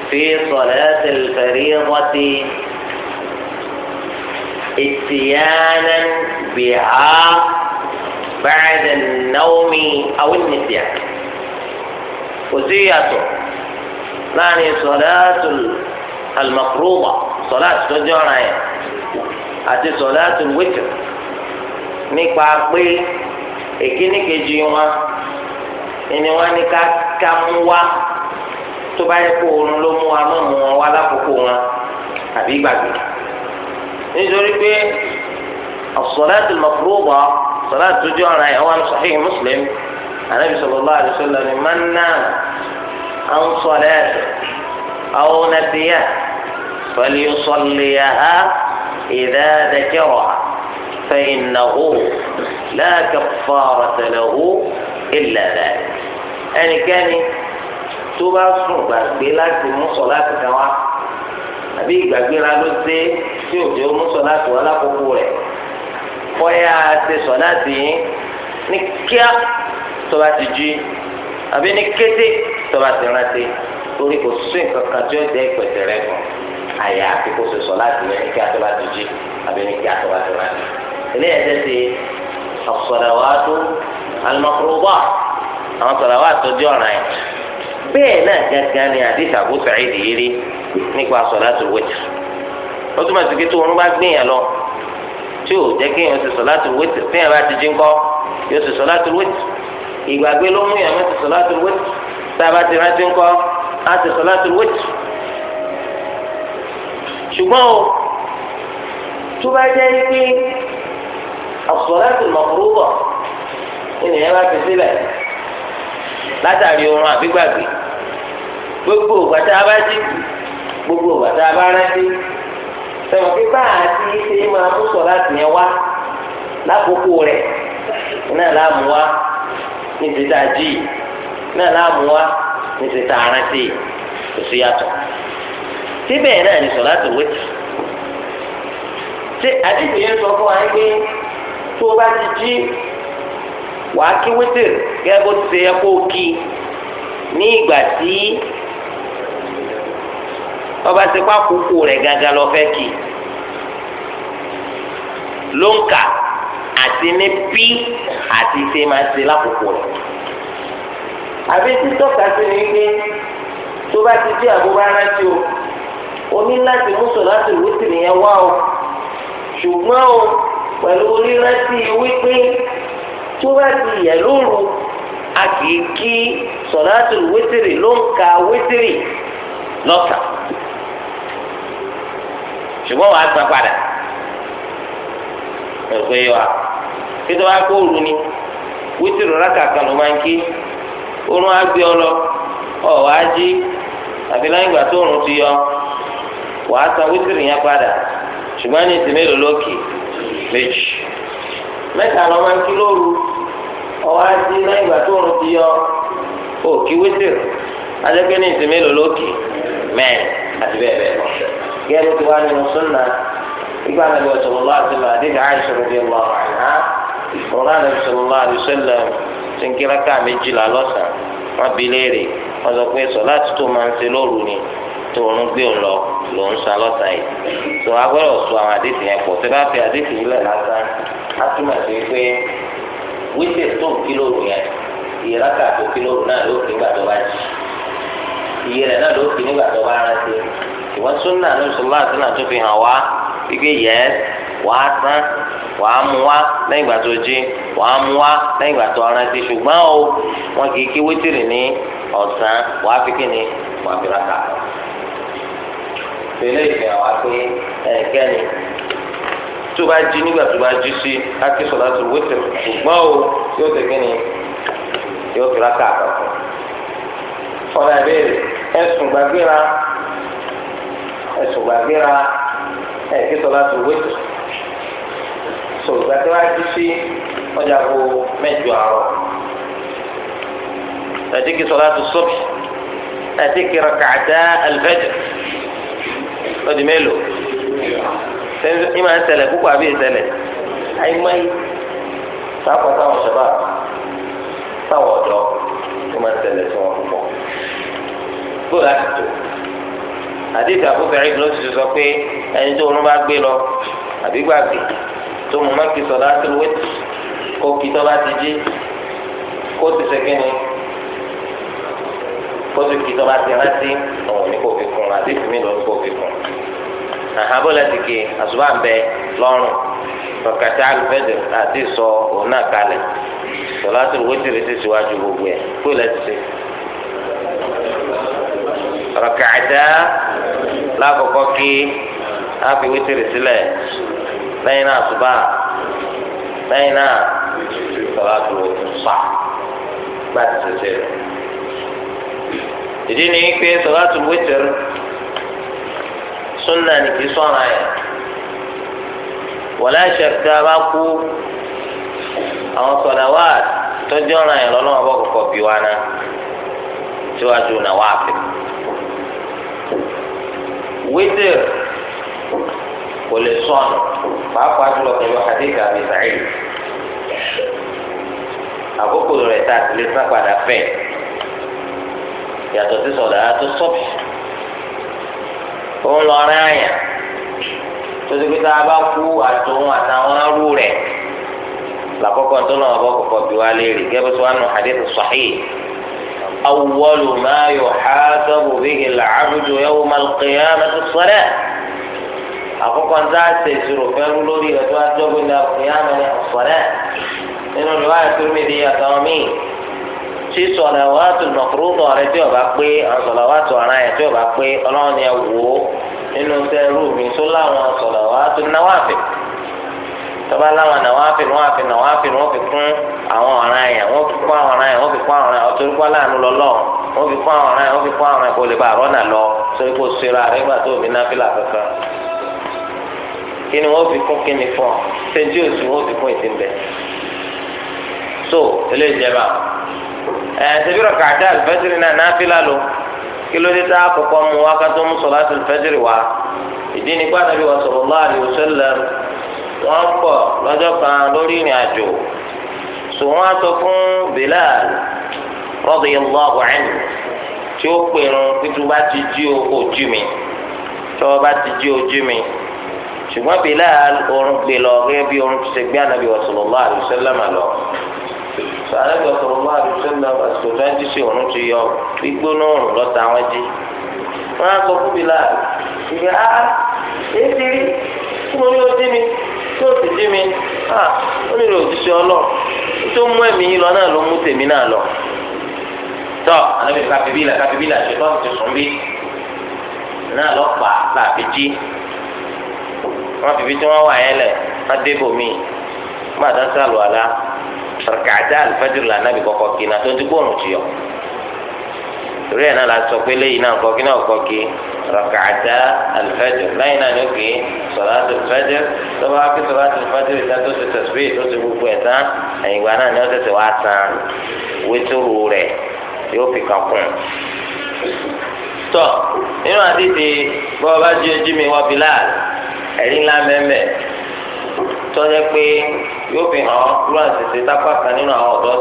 fi salati alfariidati ìtìyánà bìhá ba'da an-nawmi aw an-nisyan kò sí yàtọ̀ láàrin sọ̀láàtù al-maqruda sọ̀láàtù tó jọra yẹn àti sọ̀láàtù wítìrì nípa pé èkíní kejì wọn ẹni wọn ní ká ká mú wá tó bá yẹ kó oorun ló mú wa mọ́ mú wọn wá lákòókò wọn àbí gbàgbé nítorí pé الصلاة المفروضة صلاة تجارة أوان صحيح مسلم النبي صلى الله عليه وسلم من نام عن صلاته أو نسيه فليصليها إذا ذكرها فإنه لا كفارة له إلا ذلك يعني كان توبا صوبا بلا صلاة كما أبي بلا لسي سيوجي صلاة ولا قبوله bóyá ṣe sọ láti yín ní kíá tó bá ti jí àbí ní kété tó bá ti rántí torí kò sí nǹkan kan tí ó jẹ́ ìpẹ̀tẹ̀ rẹ fún àyà àti kò ṣe sọ láti yẹn ní kíá tó bá ti jí àbí ní kíá tó ti rántí. eléyà jẹ́ ti as-salawatu àwọn sọ̀rọ̀wá àtọ́jú ọ̀ràn yẹn bẹ́ẹ̀ náà gángan ni àdìsá Abu Sa'id yìí rí nípa sọ̀rọ̀ àtúwẹ̀tì ó túmọ̀ sí pé tó oorun bá gbìyàn tí ò jẹ́ kéèyàn ti sọ̀láàtù wítì téèyàn bá ti jí ńkọ́ yóò ti sọ̀láàtù wítì ìgbàgbé ló mú yàrá ti sọ̀láàtù wítì tá a bá ti rántí ńkọ́ á ti sọ̀láàtù wítì. ṣùgbọ́n o tó bá jẹ́ pé àsọ̀láàtù mọ̀kúrúbọ̀ ènìyàn bá fi sílẹ̀ látàrí oorun àbígbàgbé gbogbo ògbà tá a bá jí gbogbo ògbà tá a bá rántí ẹ̀wọ̀n pé bá a ti ṣe máa mú sọ láti yẹn wá lákòókò rẹ̀ náà láàmú wá ní ti tá a jì náà láàmú wá ní ti tá a rántí kò sí yàtọ̀ síbẹ̀ náà ní sọ láti wẹ́tì ṣé àdìsí yẹn sọ fún wa pé tó bá ti jí wàá kí wẹ́tì gẹ́gẹ́ bó ti ṣe yẹ kí ní ìgbà tí ọba ti pa kúkú rẹ̀ gángan lọ fẹ́ kì ló ń kà àti ní bí àti ṣe máa ṣe lákòókò rẹ̀ àbí títọ́ka sí ni pé tó bá ti dé àbúrò aráńtí o o ní láti mú sọ̀láṣì wítìrì yẹn wá o ṣùgbọ́n o pẹ̀lú orírántí wípé tó bá ti yẹ lóru a kì í kí sọ̀láṣì wítìrì ló ń ka wítìrì lọ́sàn ṣùgbọ́n wàá san padà ẹ̀fọ́ yẹ wa títí wàá kó òru ni wítìrì rákà kan ló máa ń kí òrun á gbé ọ lọ ọ wàá jí àfi láyìn ìgbà tó òrun ti yọ wàá san wítìrì yẹn padà ṣùgbọ́n ní ìsinmi èlò lókè méjì mẹ́ta ló máa ń kí lóru ọ wàá jí láyìn ìgbà tó òrun ti yọ òkì wítìrì adékè ní ìsìn mélòó lókè mẹ́rin àti bẹ́ẹ̀ bẹ́ẹ̀ lọ. gẹ́gẹ́ bí wàá nínú súnà ìgbà nàbẹ ọ̀sọ̀rọ̀lá àti lọ àdéhà àìsọ̀rọ̀ bí ọlọ́ àná ọ̀rọ̀ àná ìsọ̀rọ̀lá àdìsọ̀lá ti ń kíra ká méjìlá lọ́sàn wọn bi léèrè wọn sọ pé sọlá ti tó máa ń ṣe lóru ni tó ń gbé lọ ló ń sa lọ́sàn yìí tó a sọ àwọn àdéhùn yẹn pọ̀ tó fi àdéhùn yìí lẹ̀ lásán á túmọ̀ sí pé wíṣẹ̀ tó ń kílòrù yẹn ìyẹ́ráka tó kílòrù náà ló fi gbàdọ̀ bá jì í iye rẹ̀ náà ló fi nígbà tó bá rántí ìwọ́n súnà ní sọlá àtúnà tó fi hàn wá wípé yẹ wà á tán wà á mú wá lẹ́yìn ìgbà tó jí wà á mú wá lẹ́yìn ìgbà tó rántí ṣùgbọ́n o wọn kì í kí wítìrì ní ọ̀sán wà á fi kí ni wà á fi rákà. pèlè ìfẹ́ wá pé ẹnikẹ́ni tó bá jí nígbà tó bá jí sí láti sọlá tó wítìrì ṣùgbọ́n o yóò tẹ̀ kí ni yóò fi rákà àkọ́kọ́ ọ̀nà ìbéèrè ẹ̀sùn gbàgbéra ẹ̀sùn gbàgbéra ẹ̀kí tọ́lá tó wéjì so gbàgbéra ti sí ọjà kó mẹ́jọ àárọ̀ ẹ̀dínkì tọ́lá tó sọ́bì ẹ̀dínkì rakàdá alfẹ́jẹ̀ lọ́dún mélòó ìmọ̀ ẹ̀sẹ̀lẹ̀ púpọ̀ àbí ẹ̀sẹ̀lẹ̀ àìmọye sáà pọ̀ táwọn ṣẹ̀bà táwọn ọ̀dọ́ ìmọ̀ ẹ̀sẹ̀lẹ̀ tí wọ́n púpọ̀ bó láti tó àdéhùn àkókò ẹ̀rí ló ti sọ pé ẹni tó ń bá gbé lọ àbí gbàgbé tó mú má kí sọ̀dá tó wé kó kí tó bá ti jí kó ti sẹ́kẹ́ ni kó ti kí tó bá ti rántí ọ̀hún ní kò fi kún àdéhùn mi lọ ní kò fi kún àhàbọ̀ láti ké àṣùbà ń bẹ lọ́rùn bàkàtà àlùfẹ́dẹ̀ àti sọ òun náà kalẹ̀ sọlá tó wé tèrè sí síwájú gbogbo ẹ̀ kó lẹ́sẹ̀ raka'ata lákòókò kí àfi wítìrì sílẹ̀ lẹ́yìn náà àsùbá lẹ́yìn náà sọ̀rọ̀ sà láti ṣẹṣẹ rẹ̀. ìdí ni pé sọ̀rọ̀ wítìrì súnà ní kí sọ̀rọ̀ yẹn wọlé ṣẹ̀fẹ̀ bá kú àwọn sọ̀rọ̀ wá tọ́jú ọ̀ràn yẹn lọ́nà ọ̀bọ̀ kọ̀ọ̀kan bí wa náà síwájú nàwáàfin wítìr kò lè sọnù pàápàá jùlọ pẹ̀lú hadith àbí sàyìn àkókò rẹ̀ tá a ti lè sá padà fẹ́ yàtọ̀ sí sọ̀dọ̀ àti sọ́ọ̀bì òun lọ rẹ́ àyà tó ti pé tá a bá kú àtòun àtàwọn arú rẹ̀ làkọ́kọ́ tó lọ́wọ́ bọ́ kọ̀kọ́ bí wá léèrè gẹ́gẹ́ bí wọ́n á nù hadith sahih awwalu ma yuhasabu bihi al-'abdu yawma al-qiyamati as-salah àkọ́kọ́ ń dáhàtẹ ìṣòro fẹrú lórí rẹ tó adógbó ní àkùnyàmẹ ní àfọlẹ nínú ìwà ìpínlẹ̀ àtàwọn míì tí sọlẹ wà tó nàkúrú nà rẹ tí ọba pé àsọlẹ wà tó ara yẹ tí ọba pé Ọlọ́run yẹ wò ó nínú sẹrú mi tó láwọn sọlẹ wà tó náwó àfẹ tọ́ba láwọn náà wọ́n á fi wọ́n á fi náà wọ́n á fi wọ́n fi kún àwọn ọ̀ràn yẹn wọ́n fi kún àwọn ọ̀ràn yẹn wọ́n fi kún àwọn ọ̀ràn yẹn ọ̀tọ́rí kọ́ láàánú lọ́lọ́ wọ́n fi kún àwọn ọ̀ràn yẹn wọ́n fi kún àwọn ọ̀ràn yẹn kó lè bá àrọ́ náà lọ sórí kó sera rẹ̀ gbà tó omi náà fi là kankan. kí ni wọ́n fi kún kí ni fún ọ sẹ́ńtì òsì wọ́n fi kún ètí ń bẹ̀. so eléyìí jẹ́ bá ẹ̀ ṣèbírọ̀ kàdá àlùfẹ́sìrì náà náà fi lálọ́ kí ló dé tá a kọ́kọ́ mu wákàtí ó mú sọ̀rọ̀ àti àlùfẹ́sìrì wá ìdí ni gbàdúrà wa sallallahu alaihi wasallam wọ́n pọ̀ lọ́jọ́ kan lórí ìrìn àjò sọ wọ́n á sọ fún Bilal radiyallahu anhu tí ó pèrún pípé bá ti jí ojú mi tí wọ́n bá ti jí ojú mi ṣùgbọ́n Bilal oorun gbé lọ gẹ́gẹ́ bí oorun ti ṣe gbé ànábì sallallahu alaihi wasallam lọ sọ ànábì sallallahu alaihi àsìkò tó ń jí sí ti yọ gbígbóná oorun lọ́ta wọn jí wọ́n sọ fún Bilal ìgbà á èsì kí mo ní ojú mi tó o sì jí mi à ó lè òṣìṣẹ́ ọlọ́ tó mú ẹ̀mí yín lọ náà ló mú tèmi náà lọ. tọ́ àlọ́ mi kàfíbílà kàfíbílà ṣe tọ́ ti sùn bí náà lọ pa láàfin jí wọ́n fi fi tí wọ́n wà yẹn lẹ̀ wọ́n débò mí gbàdá sàlùwàlà rẹ̀kàdá àlùfáàjù lànà bí kọ̀kọ́ kìnnà tó ń dúpọ̀ ọ̀rùn jìyọ̀ torí ẹ̀ náà la sọ pé lẹ́yìn náà kọ́kí náà kọ́kí rakata alifajr lẹ́yìn náà ni ó kì í sọ̀láàtì alifajr tọ́ba á kí sọ̀láàtì alifajr ìta tó ti tẹ̀síwì tó ti gbogbo ẹ̀ tán ẹ̀yìn ìgbà náà ni ó tẹ̀sí wá tán wétòrò rẹ̀ yóò fi kàn kún. tọ́ nínú àdìdì bọ́ọ̀ bá jí ojú mi wá Bilal ẹ̀rí ńlá mẹ́mẹ́ tọ́jẹ́ pé yóò fi hàn ọ́ kúrò àṣìṣe tápá kan nínú àwọn ọ̀dọ́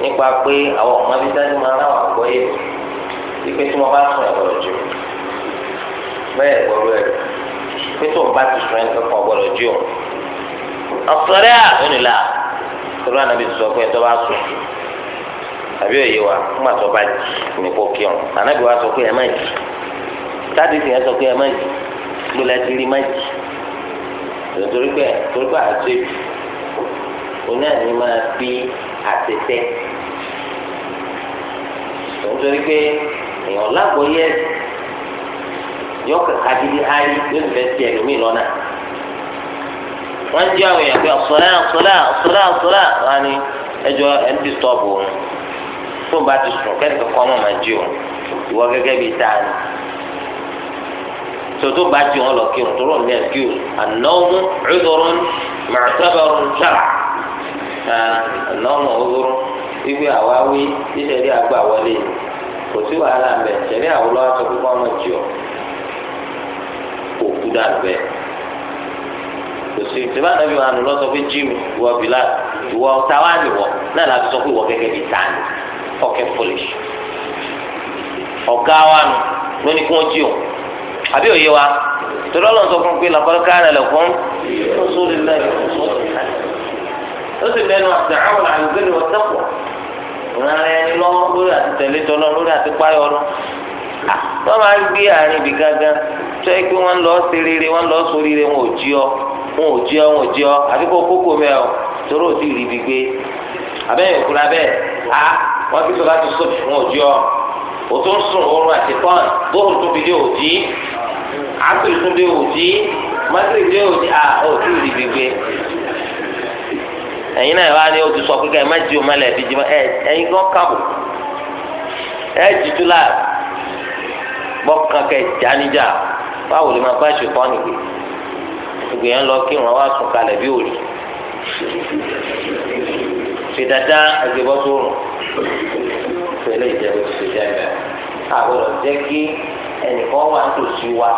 nípa pé àwọn ọmọ bíi dání máa ń ráwọn àgbọ̀ yìí wípé tí wọ́n bá sùn ẹ̀gbọ́dọ̀ jù bẹ́ẹ̀ ẹ̀gbọ́dọ̀ ẹ̀ pé tó ń bá ti sùn ẹ̀gbọ́dọ̀ kan ọ̀gbọ́dọ̀ jù ọ̀sọ̀rẹ́ à ó nílà torí ànábi sọ pé tó bá sùn àbí òye wa nígbà tó bá jì ní kó kí ọ̀n ànábi wa sọ pé ẹ má jì táàdì sì yẹn sọ pé ẹ má jì lọ́la ti rí má jì torí pé torí pé àti oní àní máa fi àtẹtẹ òun torí pé èèyàn lágbo yẹ yọ kàkà gidi ayi yóò fẹ́ tiẹ̀ lómi lọ́nà wọ́n jẹ́ àwọn èèyàn pé ọ̀sọ̀lá ọ̀sọ̀lá ọ̀sọ̀lá ọ̀sọ̀lá wọn ni ẹjọ́ ẹ̀ ń disturb òun tó ń bá ti sùn kẹ́nìkan kọ́ ọmọ màá jí òun ìwọ gẹ́gẹ́ bíi tá a ní tòtò bá jí òun lọ kí òun tó rọ̀ ní ẹ̀kí òun ànáwó ẹ̀dọ̀rún màtábàrún sára kan lọ́nà òwúrọ̀ wípé àwa wí títẹ̀lé àgbà wọlé kò sí wàhálà mbẹ tẹ̀lé àwòrán aṣọ púpọ̀ ọmọ jù ọ kò kú dànù bẹ́ẹ̀ kò sí ìtìmá nàbí wà nù lọ́sọ pé jíìmù ìwọ bìlá ìwọ táwa nìwọ náà láti sọ pé ìwọ gẹ́gẹ́ bíi tani ọkẹ́ fọlẹ́ṣ ọ̀gá wa nù lónìí kí wọ́n jí o àbí òye wa tọ́lọ́ lọ́sọ fún pé làbọ́lá káàdà lẹ́kọ́ ń sọ́ọ́ ó sì lẹ́nu àtàwọn àlùbẹ́lẹ̀ ọ̀tẹ́pọ̀ ìran ẹni lọ́wọ́ lórí àti tẹ̀lé tọ́lọ́ lórí àti páyọ̀ lọ. wọ́n máa ń gbé àárín ibì gángan tó yẹ pé wọ́n lọ sí rere wọ́n lọ sórí rere wọn ò jí ọ wọn ò jí ọ wọn ò jí ọ àti kó kókó mẹ́ ọ torí ò tí ì rí ibi gbé abẹ́yẹ̀ òkúra bẹ́ẹ̀ a wọ́n fi sọ́dá tó sọ́ọ̀tì wọn ò jí ọ o tó sùn oorun àti pọ́n bóòlù tó fi dé òjì ápè tó dé òjì mọ́tò ìdé òjì a ò tí rí ibi gbé ẹ̀yin náà wá ní o ti sọ pé ká ẹ má jí o má lẹ̀ fi jí ma ẹ ẹ̀yin kan kàbò ẹ jìtú la bọ́ kankan já níjà báwo lè máa bá ṣe kọ́ nìgbè ìgbìyàn lọ kí wọn wá sùn kalẹ̀ bí òòlù fìdàdà ẹgbẹ̀bọ tó rùn fẹlẹ̀ ìjẹun ti ṣe jẹ́ àgbọ̀dọ̀ jẹ́ kí ẹnìkan wà tó sí wa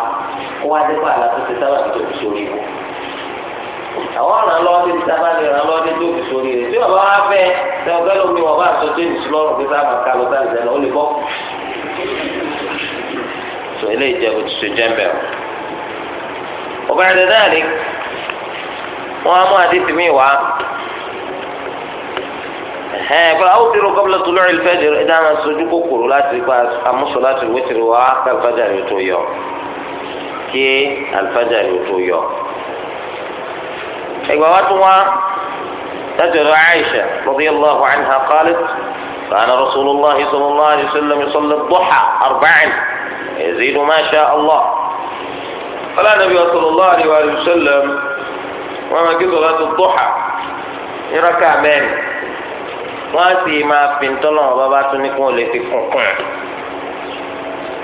kó wá dé pa àlàfo sábà tó ti sórí wọn àwọn ọ̀ràn lọ́wọ́ tí sábà lè ràn lọ́wọ́ tí tó fi sórí rẹ̀ tí bàbá wa fẹ́ ṣe ọ̀gá lómi wọn bá sọ jẹ́ ìṣúlọ́rùn pé sábà ká lọ sáà ìṣẹ̀lẹ̀ ó lè bọ́. sọ eléyìí jẹ́ òtún ṣe jẹ́ mbẹ́ o. ọ̀gá ẹ̀dẹ̀ náà ni wọ́n á mú àdìsí mi wá. ẹ̀hẹ́n àwọn òbí rògbò lọ́tù lórí ìfẹ́jẹ̀ ẹ̀dá máa sojú kòkòrò láti pa àmúṣọ láti wéṣẹ̀ wá kí alifájà ẹgbẹ́ wa tún wá تجر عائشة رضي الله عنها قالت كان رسول الله صلى الله عليه وسلم يصلي الضحى أربعا يزيد ما شاء الله قال النبي صلى الله عليه وسلم وما قلت صلاة الضحى ركع من واسي ما في انتظر بابا تنكون لتكون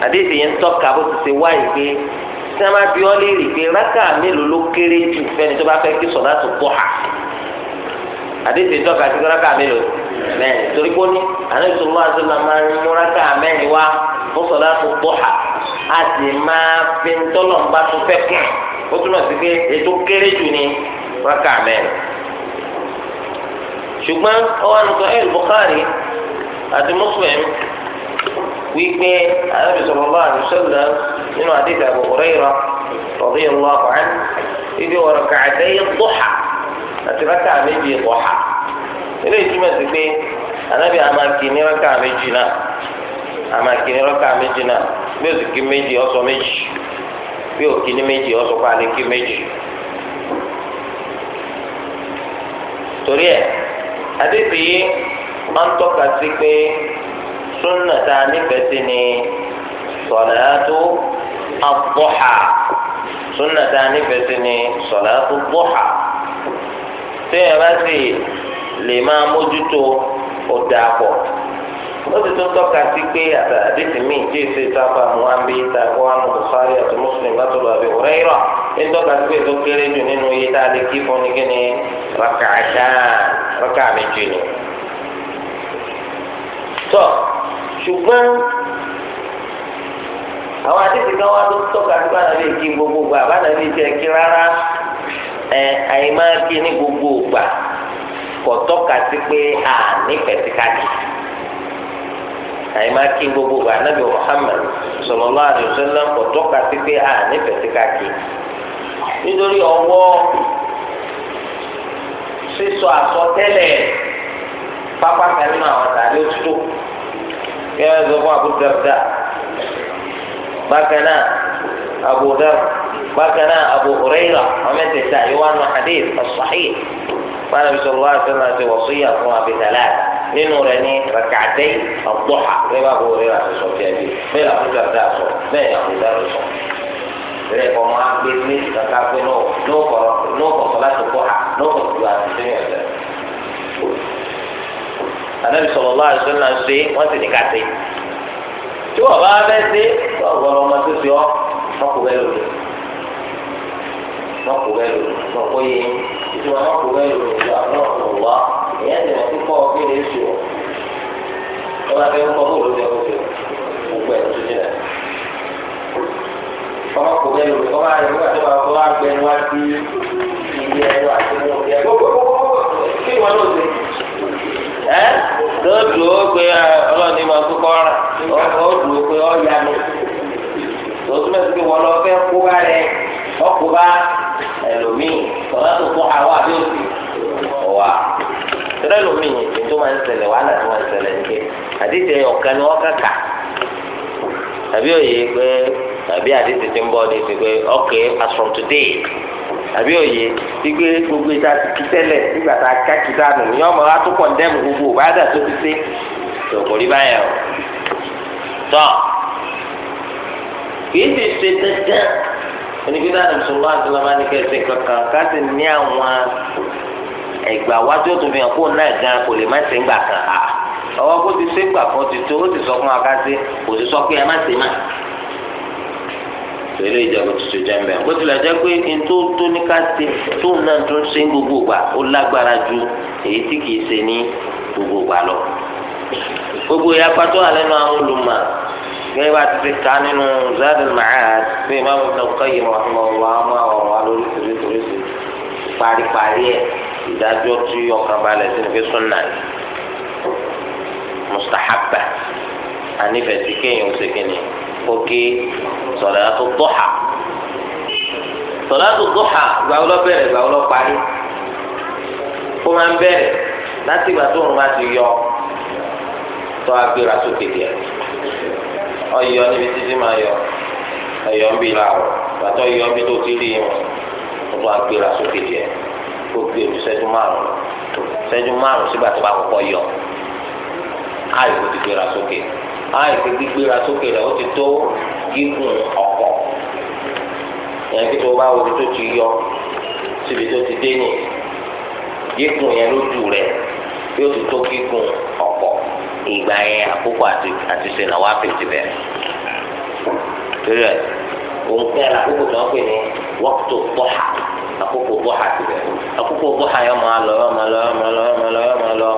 حديث ينتقى بس سواي tí wọn bá bí ọ léèrè pé rákà mélòó ló kéré jù fẹ́ni tó bá fẹ́ kí sọlá tó pọ hà àdéhùn ìtọ́ka sí rákà mélòó mẹ́rin torí pé ó ní àdéhùn wa sọlá máa ń mú rákà mẹ́rin wá fún sọlá tó pọ hà á sì máa fi ń tọ́lọ̀ ń bá tó fẹ́ kùn ó túnmọ̀ sí pé ètò kéré jù ní rákà mẹ́rin ṣùgbọ́n ọwọ́ nìkan ẹ̀ Bukhari àti Muslim wípé àdéhùn sọlá nínú àdéhùn Abu Hurairah radiyallahu anhu ibi ọ̀rọ̀ kàdéyé dọ́hà àti rákà méjì dọ́hà ilé ìtumọ̀ sí pé anábì àmàkì ní rákà méjì náà àmàkì ní rákà méjì náà bí ó sì kí méjì ọ̀sọ̀ méjì bí ó kí ní méjì ọ̀sọ̀ pàdé kí méjì. torí ẹ àdéhùn yìí máa ń tọ́ka sí pé súnà tá a nífẹ̀ẹ́ sí ni sọ̀làtò àbọ̀hà súnà tá a nífẹ̀ẹ́ sí ni sọ̀làtò bọ̀hà téèyàn bá sì lè máa mójútó ọ̀dà pọ̀ ó ti tó tọ́ka sí pé àtàdéhùn míì tí èsì ìtàkùn àmúhámbé ìtàkùn àmúbùsárì àti mùsùlùmí bá tó lọ àbí òrẹ́ ìrọ̀ nítorí àti pé tó kéré jù nínú iye tá a lè kí fún ni kí ni rákàtà rákà méjì ni. tọ́ ṣùgbọ́n àwọn àdéhùn kan wá tó ń tọ́ka sí bá nàbí kí gbogbo gbà bá nàbí tẹ kí rárá ẹ àyèmá kí ní gbogbo gbà kò tọ́ka sí pé à ní pẹ̀síkàdì àyèmá kí gbogbo gbà nàbí Muhammad sallallahu alaihi wasallam kò tọ́ka sí pé à ní pẹ̀síkàdì nítorí ọwọ́ sísọ àsọtẹ́lẹ̀ pápákọ̀ nínú àwọn tàbí òtútù kí ẹ lọ fún àbúrò dáadáa. بكنا أبو ذر بكنا أبو هريرة ومن تسع يوان الحديث الصحيح قال صلى الله عليه وسلم توصية وما بثلاث لنورني ركعتي الضحى ربا أبو هريرة الصوفية دي بلا مجر داسو بلا مجر داسو ريبو ما بيتنس تكافي نو نو فرق نو فصلاة الضحى نو فصلاة الدنيا النبي صلى الله عليه وسلم سي وانت نكاتي tí wọ́n bá fẹ́ ṣe ọ̀gọ̀rọ̀ ọmọ tó ṣe ọ́ mọ́kù bẹ́ẹ̀ lòdì mọ́kù bẹ́ẹ̀ lòdì mọ́kù yé ìtura mọ́kù bẹ́ẹ̀ lòdì ìtura náà kò wá ìyẹn ti rántí kọ́ kí lè ṣe ọ́ wọ́n bá fẹ́ kọ́ bóòlù tẹ ọ́ ṣe gbogbo ẹ̀ tó jìnà mọ́kù bẹ́ẹ̀ lòdì kọ́ bá rẹ̀ nígbà tó bá fọ́ àgbẹ̀ wá sí ilé ẹ̀rọ àti mọ́kù ẹ tó dùn ó pé ọlọ́ọ̀ni máa kú kọ́ ra ó dùn ó pé ọ yà mí tó túmọ̀ sí pé wọ́n lọ fẹ́ kó bá rẹ ọkọ̀ bá ẹlòmíì tọ́lá tó fún àwọn àbí òsì ọ̀wà tẹ́lẹ̀ lómi yìí tó máa ń ṣẹlẹ̀ wàhálà tó máa ń ṣẹlẹ̀ nìkẹ́ àdéhìí ọ̀kan ni wọ́n kàkà àbí òye pé àbí àdìsí ti ń bọ̀ ní ti pé okay as from today àbí òye gbígbé gbogbo ìta kí tẹ́lẹ̀ nígbà tá a ká kí dànù ní ọmọ wa tó kọ̀ndẹ́mù gbogbo òbáàdà tó ti ṣe tó kò rí báyẹn o tọ́ kì í sì ṣe dandan onígbìdá àdìsí sọ̀rọ̀ bá àdìsí lọ́mọ nìkẹ́ ṣe kankan ká sì ní àwọn ẹ̀gbà wájú tó fi hàn kó náà gan kò lè má ṣe ń gbà kan á ọwọ́ kó ti ṣe gbà kan ti tó ó ti sọ fún wa ká ṣe kò ti sọ pé ẹ má ṣe má tẹ̀lé ìjọba tuntun jẹ́ mẹ́rin bó tilẹ̀ jẹ́ pé n tó tó ní ká ṣe tó ń náà tó ń ṣe gbogbo gbà ó lágbára ju èyí tí kìí ṣe ní gbogbo gbà lọ. gbogbo ìyapa tó wà lẹ́nu àwọn olùmọ̀ gẹ́gẹ́ bá ti ti kà nínú Zadul Ma'ad pé ìmáàmù Ibn Qayyim rahimahullah àwọn ọ̀rọ̀ wa lórí tòlítòlítò paríparí ẹ̀ ìdájọ́ tí ọkàn balẹ̀ sínú fi sún náà mustahaba anífẹ̀sí kéèyàn ó ṣe kíni ó ké sọ̀látù dúhà sọ̀látù dúhà gbàwó lọ bẹ̀rẹ̀ gbàwó lọ parí ó máa ń bẹ̀rẹ̀ láti ìgbà tó ń bá ti yọ tó a gbéra sókè díẹ̀ ọyọ níbi títí máa yọ ọyọ ń bí láàrọ̀ gbàtọ́ yọ ń bí tó ti rí wọn tó a gbéra sókè díẹ̀ ó gbé ojú ṣẹ́jú márùn-ún márùn sígbà tó bá kọ́kọ́ yọ ayò kò ti gbéra sókè ayò kò ti gbéra sókè rẹ̀ ó ti tó gígùn ọ̀pọ̀ yẹn kí tó bá wo ibi tó ti yọ síbi tó ti dé ní gígùn yẹn lójú rẹ̀ yóò ti tó gígùn ọ̀pọ̀ ìgbà yẹn àkókò àti àtúnṣe náà wá pèsè bẹ́ẹ̀ torí ẹ̀ òun kẹ́ ẹ̀ àkókò tó ń pè ní wọ́pútò bọ́hà àkókò bọ́hà ti bẹ̀rẹ̀ àkókò bọ́hà yọ máa lọ yọ máa lọ yọ máa lọ yọ máa lọ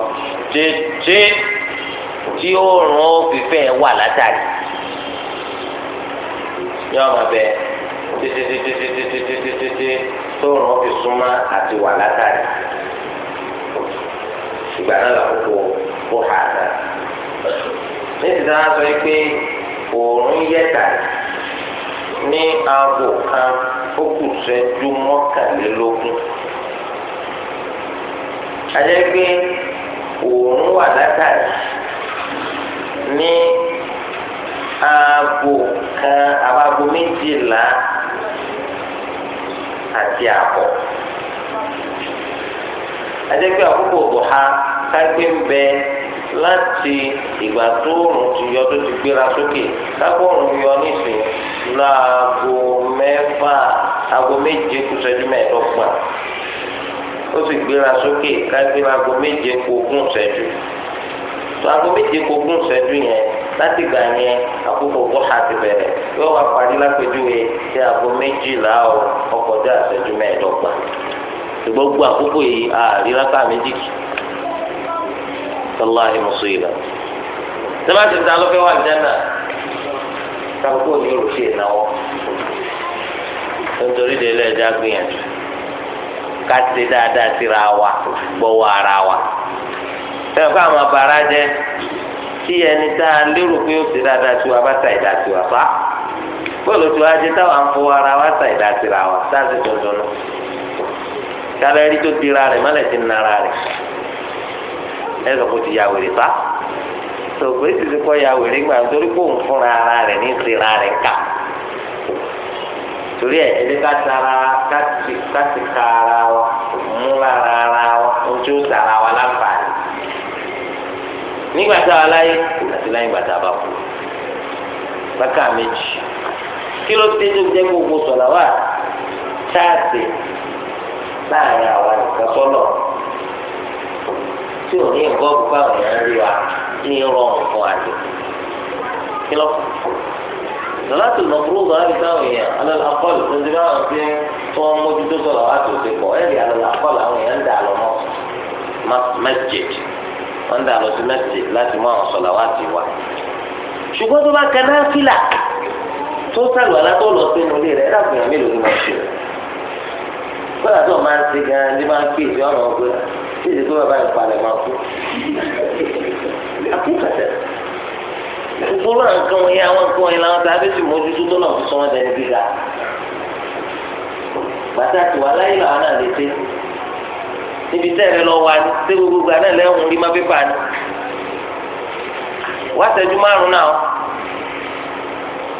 títí tí oòrùn ó fi fẹ́ wà látàrí yọ ọmọ bẹ títítítítítítítítí tóòrùn ó fi súnmọ́ àti wà látàrí ìgbà náà làkókò kó hà náà ní ti sáà sọ yìí pé oòrùn yẹ tàrí ní aago kan ó kù ṣẹ́jú mọ́kànlélógún ajẹ́ pé oòrùn wà látàrí ní aago kan àbáago méjìlá àti àbọ̀ adékè àkókò ọ̀há kágbé ń bẹ láti ìgbà tó oòrùn ti yọ tó ti gbéra sókè kágbó oòrùn yọ nísìn láago mẹ́fà aago méje kù ṣẹ́jú mẹ́ẹ̀ẹ́dọ́gbọ̀n ó sì gbéra sókè kágbé aago méje kù ogún ṣẹ́jú. tó méje kó gún ìṣẹ́jú yẹn láti gbà yẹn àkókò ti bẹ̀rẹ̀ yóò wá parí lápẹjúwe ṣe aago méjìlá o ọkọjá ìṣẹ́jú mẹ́ẹ̀ẹ́dọ́gbọ̀n ṣùgbọ́n gbogbo àkókò yìí ààrí lápá méjì kì sọláhì mùsùlùmí. sábà ta ló fẹ́ wà jẹ́nà ní ìnáwó nítorí gbìyànjú ká ti dáadáa síra wa gbọ́wọ́ ara wa. ẹ kó àwọn abara jẹ tí ẹni tá a lérò pé ó ti dáadáa tiwa bá ta ìdá tiwa fa bóòlù tiwa jẹ táwa ń fowó ara wa ta ìdá tira wa sáàsì tuntun nù kálẹ̀ ẹni tó tira rẹ̀ mọ́lẹ̀ ti nara rẹ̀ ẹ sọ pé ó ti ya wèrè fa sọ̀gbẹ́ sì ti kọ́ ya wèrè gbà nítorí pé òun fúnra ara rẹ̀ ní tira rẹ̀ kà torí ẹ ẹni ká tara ká ti ká ti ka ara wa mú lára ara wa ojú tara wa láǹfààní nígbà tá a láyé àti láyé ìgbà tá a bá kú bákà méjì kí ló dé tó jẹ́ gbogbo sọ̀lá wà táàsì láàrin àwa nìkan sọ́nà tí ò ní nǹkan bá àwọn èèyàn rí wa ní rọrùn fún àjò kí ló sọlá tó lọ fúrú sọlá fi táwọn èèyàn alẹ́ akọ́lù tó ti bá àwọn tí wọ́n mójútó sọ̀rọ̀ wá tó ti pọ̀ ẹ̀rí alẹ́ akọ́lù àwọn èèyàn ń dà lọ́mọ́ masjid wọ́n ń dà lọ sí mẹ́sìlẹ̀ láti mú àwọn sọ̀lá wá sí wa. ṣùgbọ́n tó bá kan náà fìlà tó sàlù àlá tó lọ sínú ilé rẹ̀ láti yàn mélòó ni wọ́n ṣe rẹ̀. kódà tó máa ń ṣe gan-an ní máa ń pè sí ọ̀nà ọ̀gbẹ́ tí èdè tó bàbá ìpalẹ̀ máa kú. àkókòtẹ̀ gbogbo náà nǹkan wọ̀nyí àwọn nǹkan wọ̀nyí làwọn tàbí sì mójútó tó náà fi sọ́wọ́n níbi tẹ́lẹ̀ lọ wá ní ṣé gbogbo gbà náà lẹ́hùn rí má pépà ni wá ṣẹ́jú márùn náà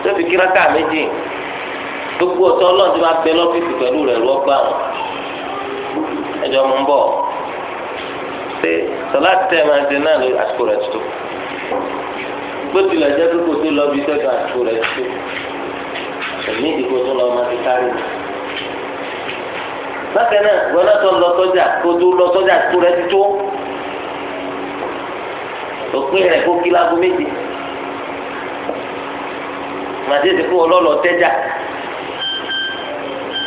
tóbi kíráká méjì gbogbo ọ̀tọ̀ ọlọ́run ti máa bẹ lọ́fíìsì pẹ̀lú rẹ̀ lọ́gbà wọn ẹjọ́ mú bọ̀ ṣe sọlá tẹ máa ń ṣe náà lórí àsìkò rẹ̀ tó bó tilẹ̀ jẹ́ pé tó lọ bí sẹ́kọ̀ àsìkò rẹ̀ tó èmi ìdìbò tó lọ máa ti kárí mi bákan náà gbọ́dọ̀ tó lọ sọ́jà kó tó lọ sọ́jà tó rẹ ti tó òpin rẹ̀ kó kí lágbo méje màdéèdè kó ọlọ́lọ́ tẹ́jà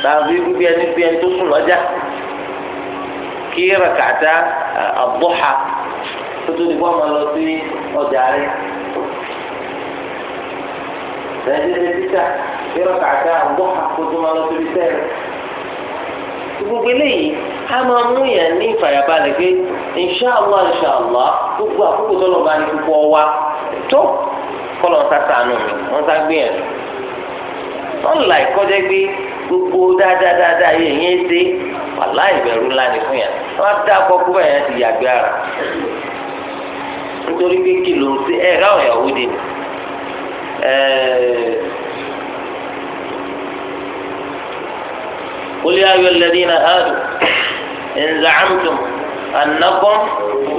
tàbí bí ẹni bí ẹni tó sùn lọ́jà kí rẹ̀kàtà àbọ̀hà tó tó di kó ọmọ lọ sí ọjà rẹ̀ tẹ̀síṣẹ́ títà kí rẹ̀kàtà àbọ̀hà tó tó máa lọ sí ibi sẹ́rẹ̀ gbogbo eléyìí a máa mú yàn ní ìfàyàbalẹ̀ pé inṣàlá inṣàlá gbogbo àkókò tó lọ bá ní púpọ̀ wá tó kọlọ̀ sátánù mi wọ́n sá gbìyànjú wọ́n là ìkọ́jẹ́ gbé gbogbo dáadáa yẹn yẹn ṣe wàhálà ìbẹ̀rù ńlá ni fún yàn wọ́n dá kọ́kú bẹ́ẹ̀ yẹn ti yàgbé ara nítorí pé kìlò ń ṣe ẹ̀ ráwọ̀ ìyàwó dé ni قل يا أيها الذين آدوا إن زعمتم أنكم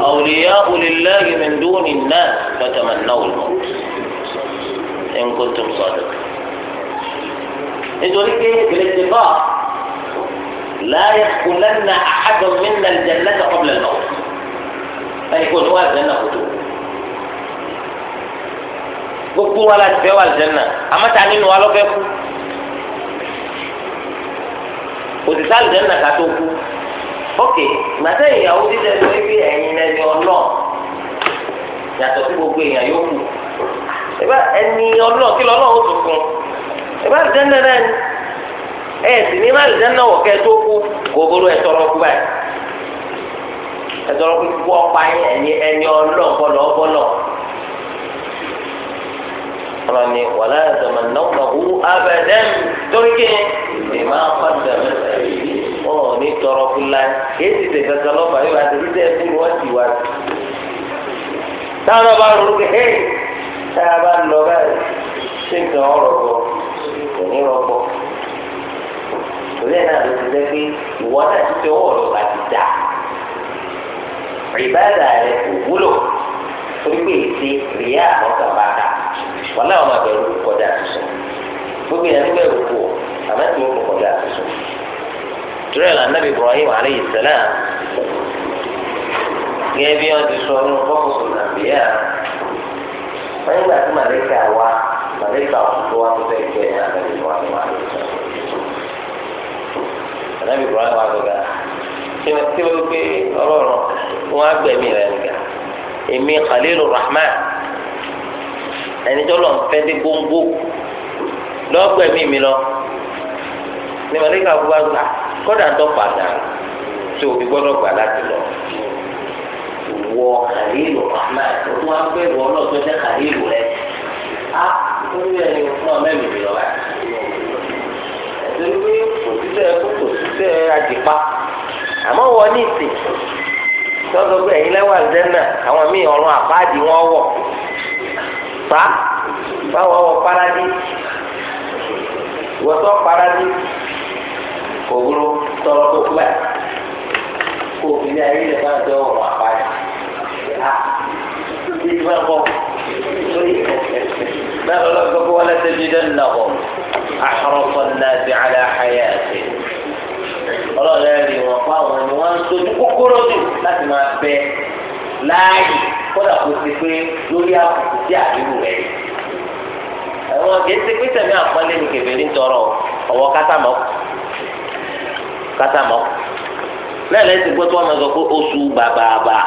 أولياء لله من دون الناس فتمنوا الموت إن كنتم صادقين إذن لك إيه؟ بالاتفاق لا يدخلن أحد منا الجنة قبل الموت أن يكون هو الجنة قبل الموت ولا تبيع الجنة أما تعني أنه ولا òtítà àlùjẹ́ nàkà tó kú ok gbàtẹ́ ìyàwó dídẹ tó ebi ẹ̀yin ẹni ọlọ́ yàtọ̀ sí gbogbo èèyàn yóò kù ìbá ẹni ọlọ́ kí lọ́lọ́ ó tuntun ìbá àlùjẹ́ nàkà ni ẹ sì ní àlùjẹ́ nàkà wọ̀ kẹ́ tó kú gbogbo ẹ̀ tọrọ kú báyìí ẹ̀ tọrọ kú kú ọ̀pá ẹni ẹni ọlọ́ bọ́lọ̀ bọ́lọ̀ wọn ni wàlá ẹ̀dàmà náà nà hu abẹ́dẹ́m torí kí ni màá pàṣẹ mẹ́sàgì ọ̀ ní tọrọ fúnla yìí ti tẹ̀ kankan lọ́fà yóò àti títẹ̀ fún wọn ti wá sí. táwọn ọba rò lókè hẹ́ tá bá lọ báyìí ṣé nǹkan ọ̀rọ̀ bọ̀ kò ní rọ̀ bọ̀ torí náà ló ti dẹ́ ìwọ náà ti fi ọwọ́ rẹ̀ bá dà ìbáàdà kò wúlò torí pé èsì rìá ọkàn bá dà wọn náà máa bẹ̀rù kọjá àtúnṣe gbogbo yẹn níbẹ̀ rò kú àmọ́ tí wọ́n kọjá àtúnṣe. tùrẹ̀ là nàbì Ibrahim aleyhi sàlám gẹ́gẹ́ bí wọ́n ti sọ ọ́nù fọ́kùsù nàbìyà wọ́n nígbà tí màlẹ́kà wa màlẹ́kà òkùnkùn wa tó fẹ́ gbé nàbì Ibrahim aleyhi sàlám. nàbì Ibrahim wa gbẹ̀gà tí wọ́n ti wọ́n gbé ọlọ́run wọn á gbẹ̀mí rẹ̀ nìkan èmi Khalilur Rahman ẹni tó lọ fẹ́ dé gbóngbó lọ́gbẹ̀mí mi lọ ní mọ̀lẹ́kà búba gbà kọ́dà tó padà tó fi gbọ́dọ̀ gbà láti lọ. wọ Khalilur Rahman tó wá pé wọ ọlọ́dún jẹ́ Khalilu rẹ á lórí ẹni fún ọ mẹ́rin mi lọ wá. ẹ̀sìn pé kò sí sẹ́ẹ̀ kò sí sẹ́ẹ̀ àjìpá àmọ́ wọ ní ìsìn kan sọ pé ẹ̀yin lẹ́wà zẹ́nà àwọn míì ọ̀run àpáàdì wọn wọ̀ fa báwọ̀ wọ paradí wọ́tọ́ paradí kò wúlò tọrọ tó pẹ́ kò fi ayé lè máa tọ́ ọ̀run àpáàdì a ti ti máa bọ̀ lórí náà lọ́lọ́ gbogbo wọn lẹ́sẹ̀ jíjẹ́ nínú ọ̀rọ̀ àṣọrọ̀ sọ̀rọ̀ náà ti àlẹ́ àyà ẹ̀sìn ọlọ́run ẹ̀rí wọn fún àwọn ni wọ́n ń sojú kókóró jù láti máa bẹ láàyè kódà kó ti pé lórí àbùkù sí àdúrú rẹ̀. àwọn kìí ṣe pé àpọ́nlé ni kẹfẹ́rí ń tọrọ ọwọ́ kásámọ́ kásámọ́ lẹ́ẹ̀lẹ́ ti gbọ́ tí wọ́n máa sọ pé oṣù bàbàbà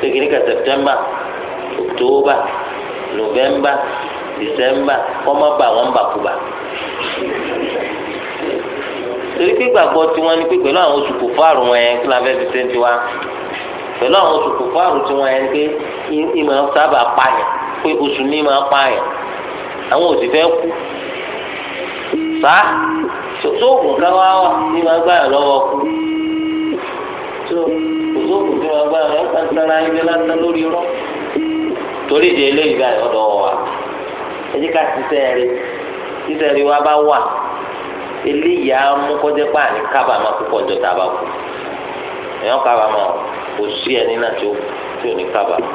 kékeré ka September October November December kọ́ má bà wọ́n bà kú bà. torí pé gbàgbọ́ tiwọn ni pé pẹ̀lú àwọn oṣù kò fáàrù wọn yẹn kí la fẹ́ fi sẹ́ńtì wa pẹ̀lú àwọn oṣù kò fáàrù tiwọn yẹn pé ìmọ̀ sábà pààyàn pé oṣù ní máa pààyàn àwọn òsì fẹ́ kú sá sóògùn kan wà ní lọ́wọ́ kú sóògùn tí lọ́wọ́ kan sára ilé lásán lórí wa eléyìí á mú kọjá pa àní kábàámà púpọ̀ ńjọ tá a bá kú èèyàn kábàámà kò sí ẹni náà tó tí ò ní kábàámà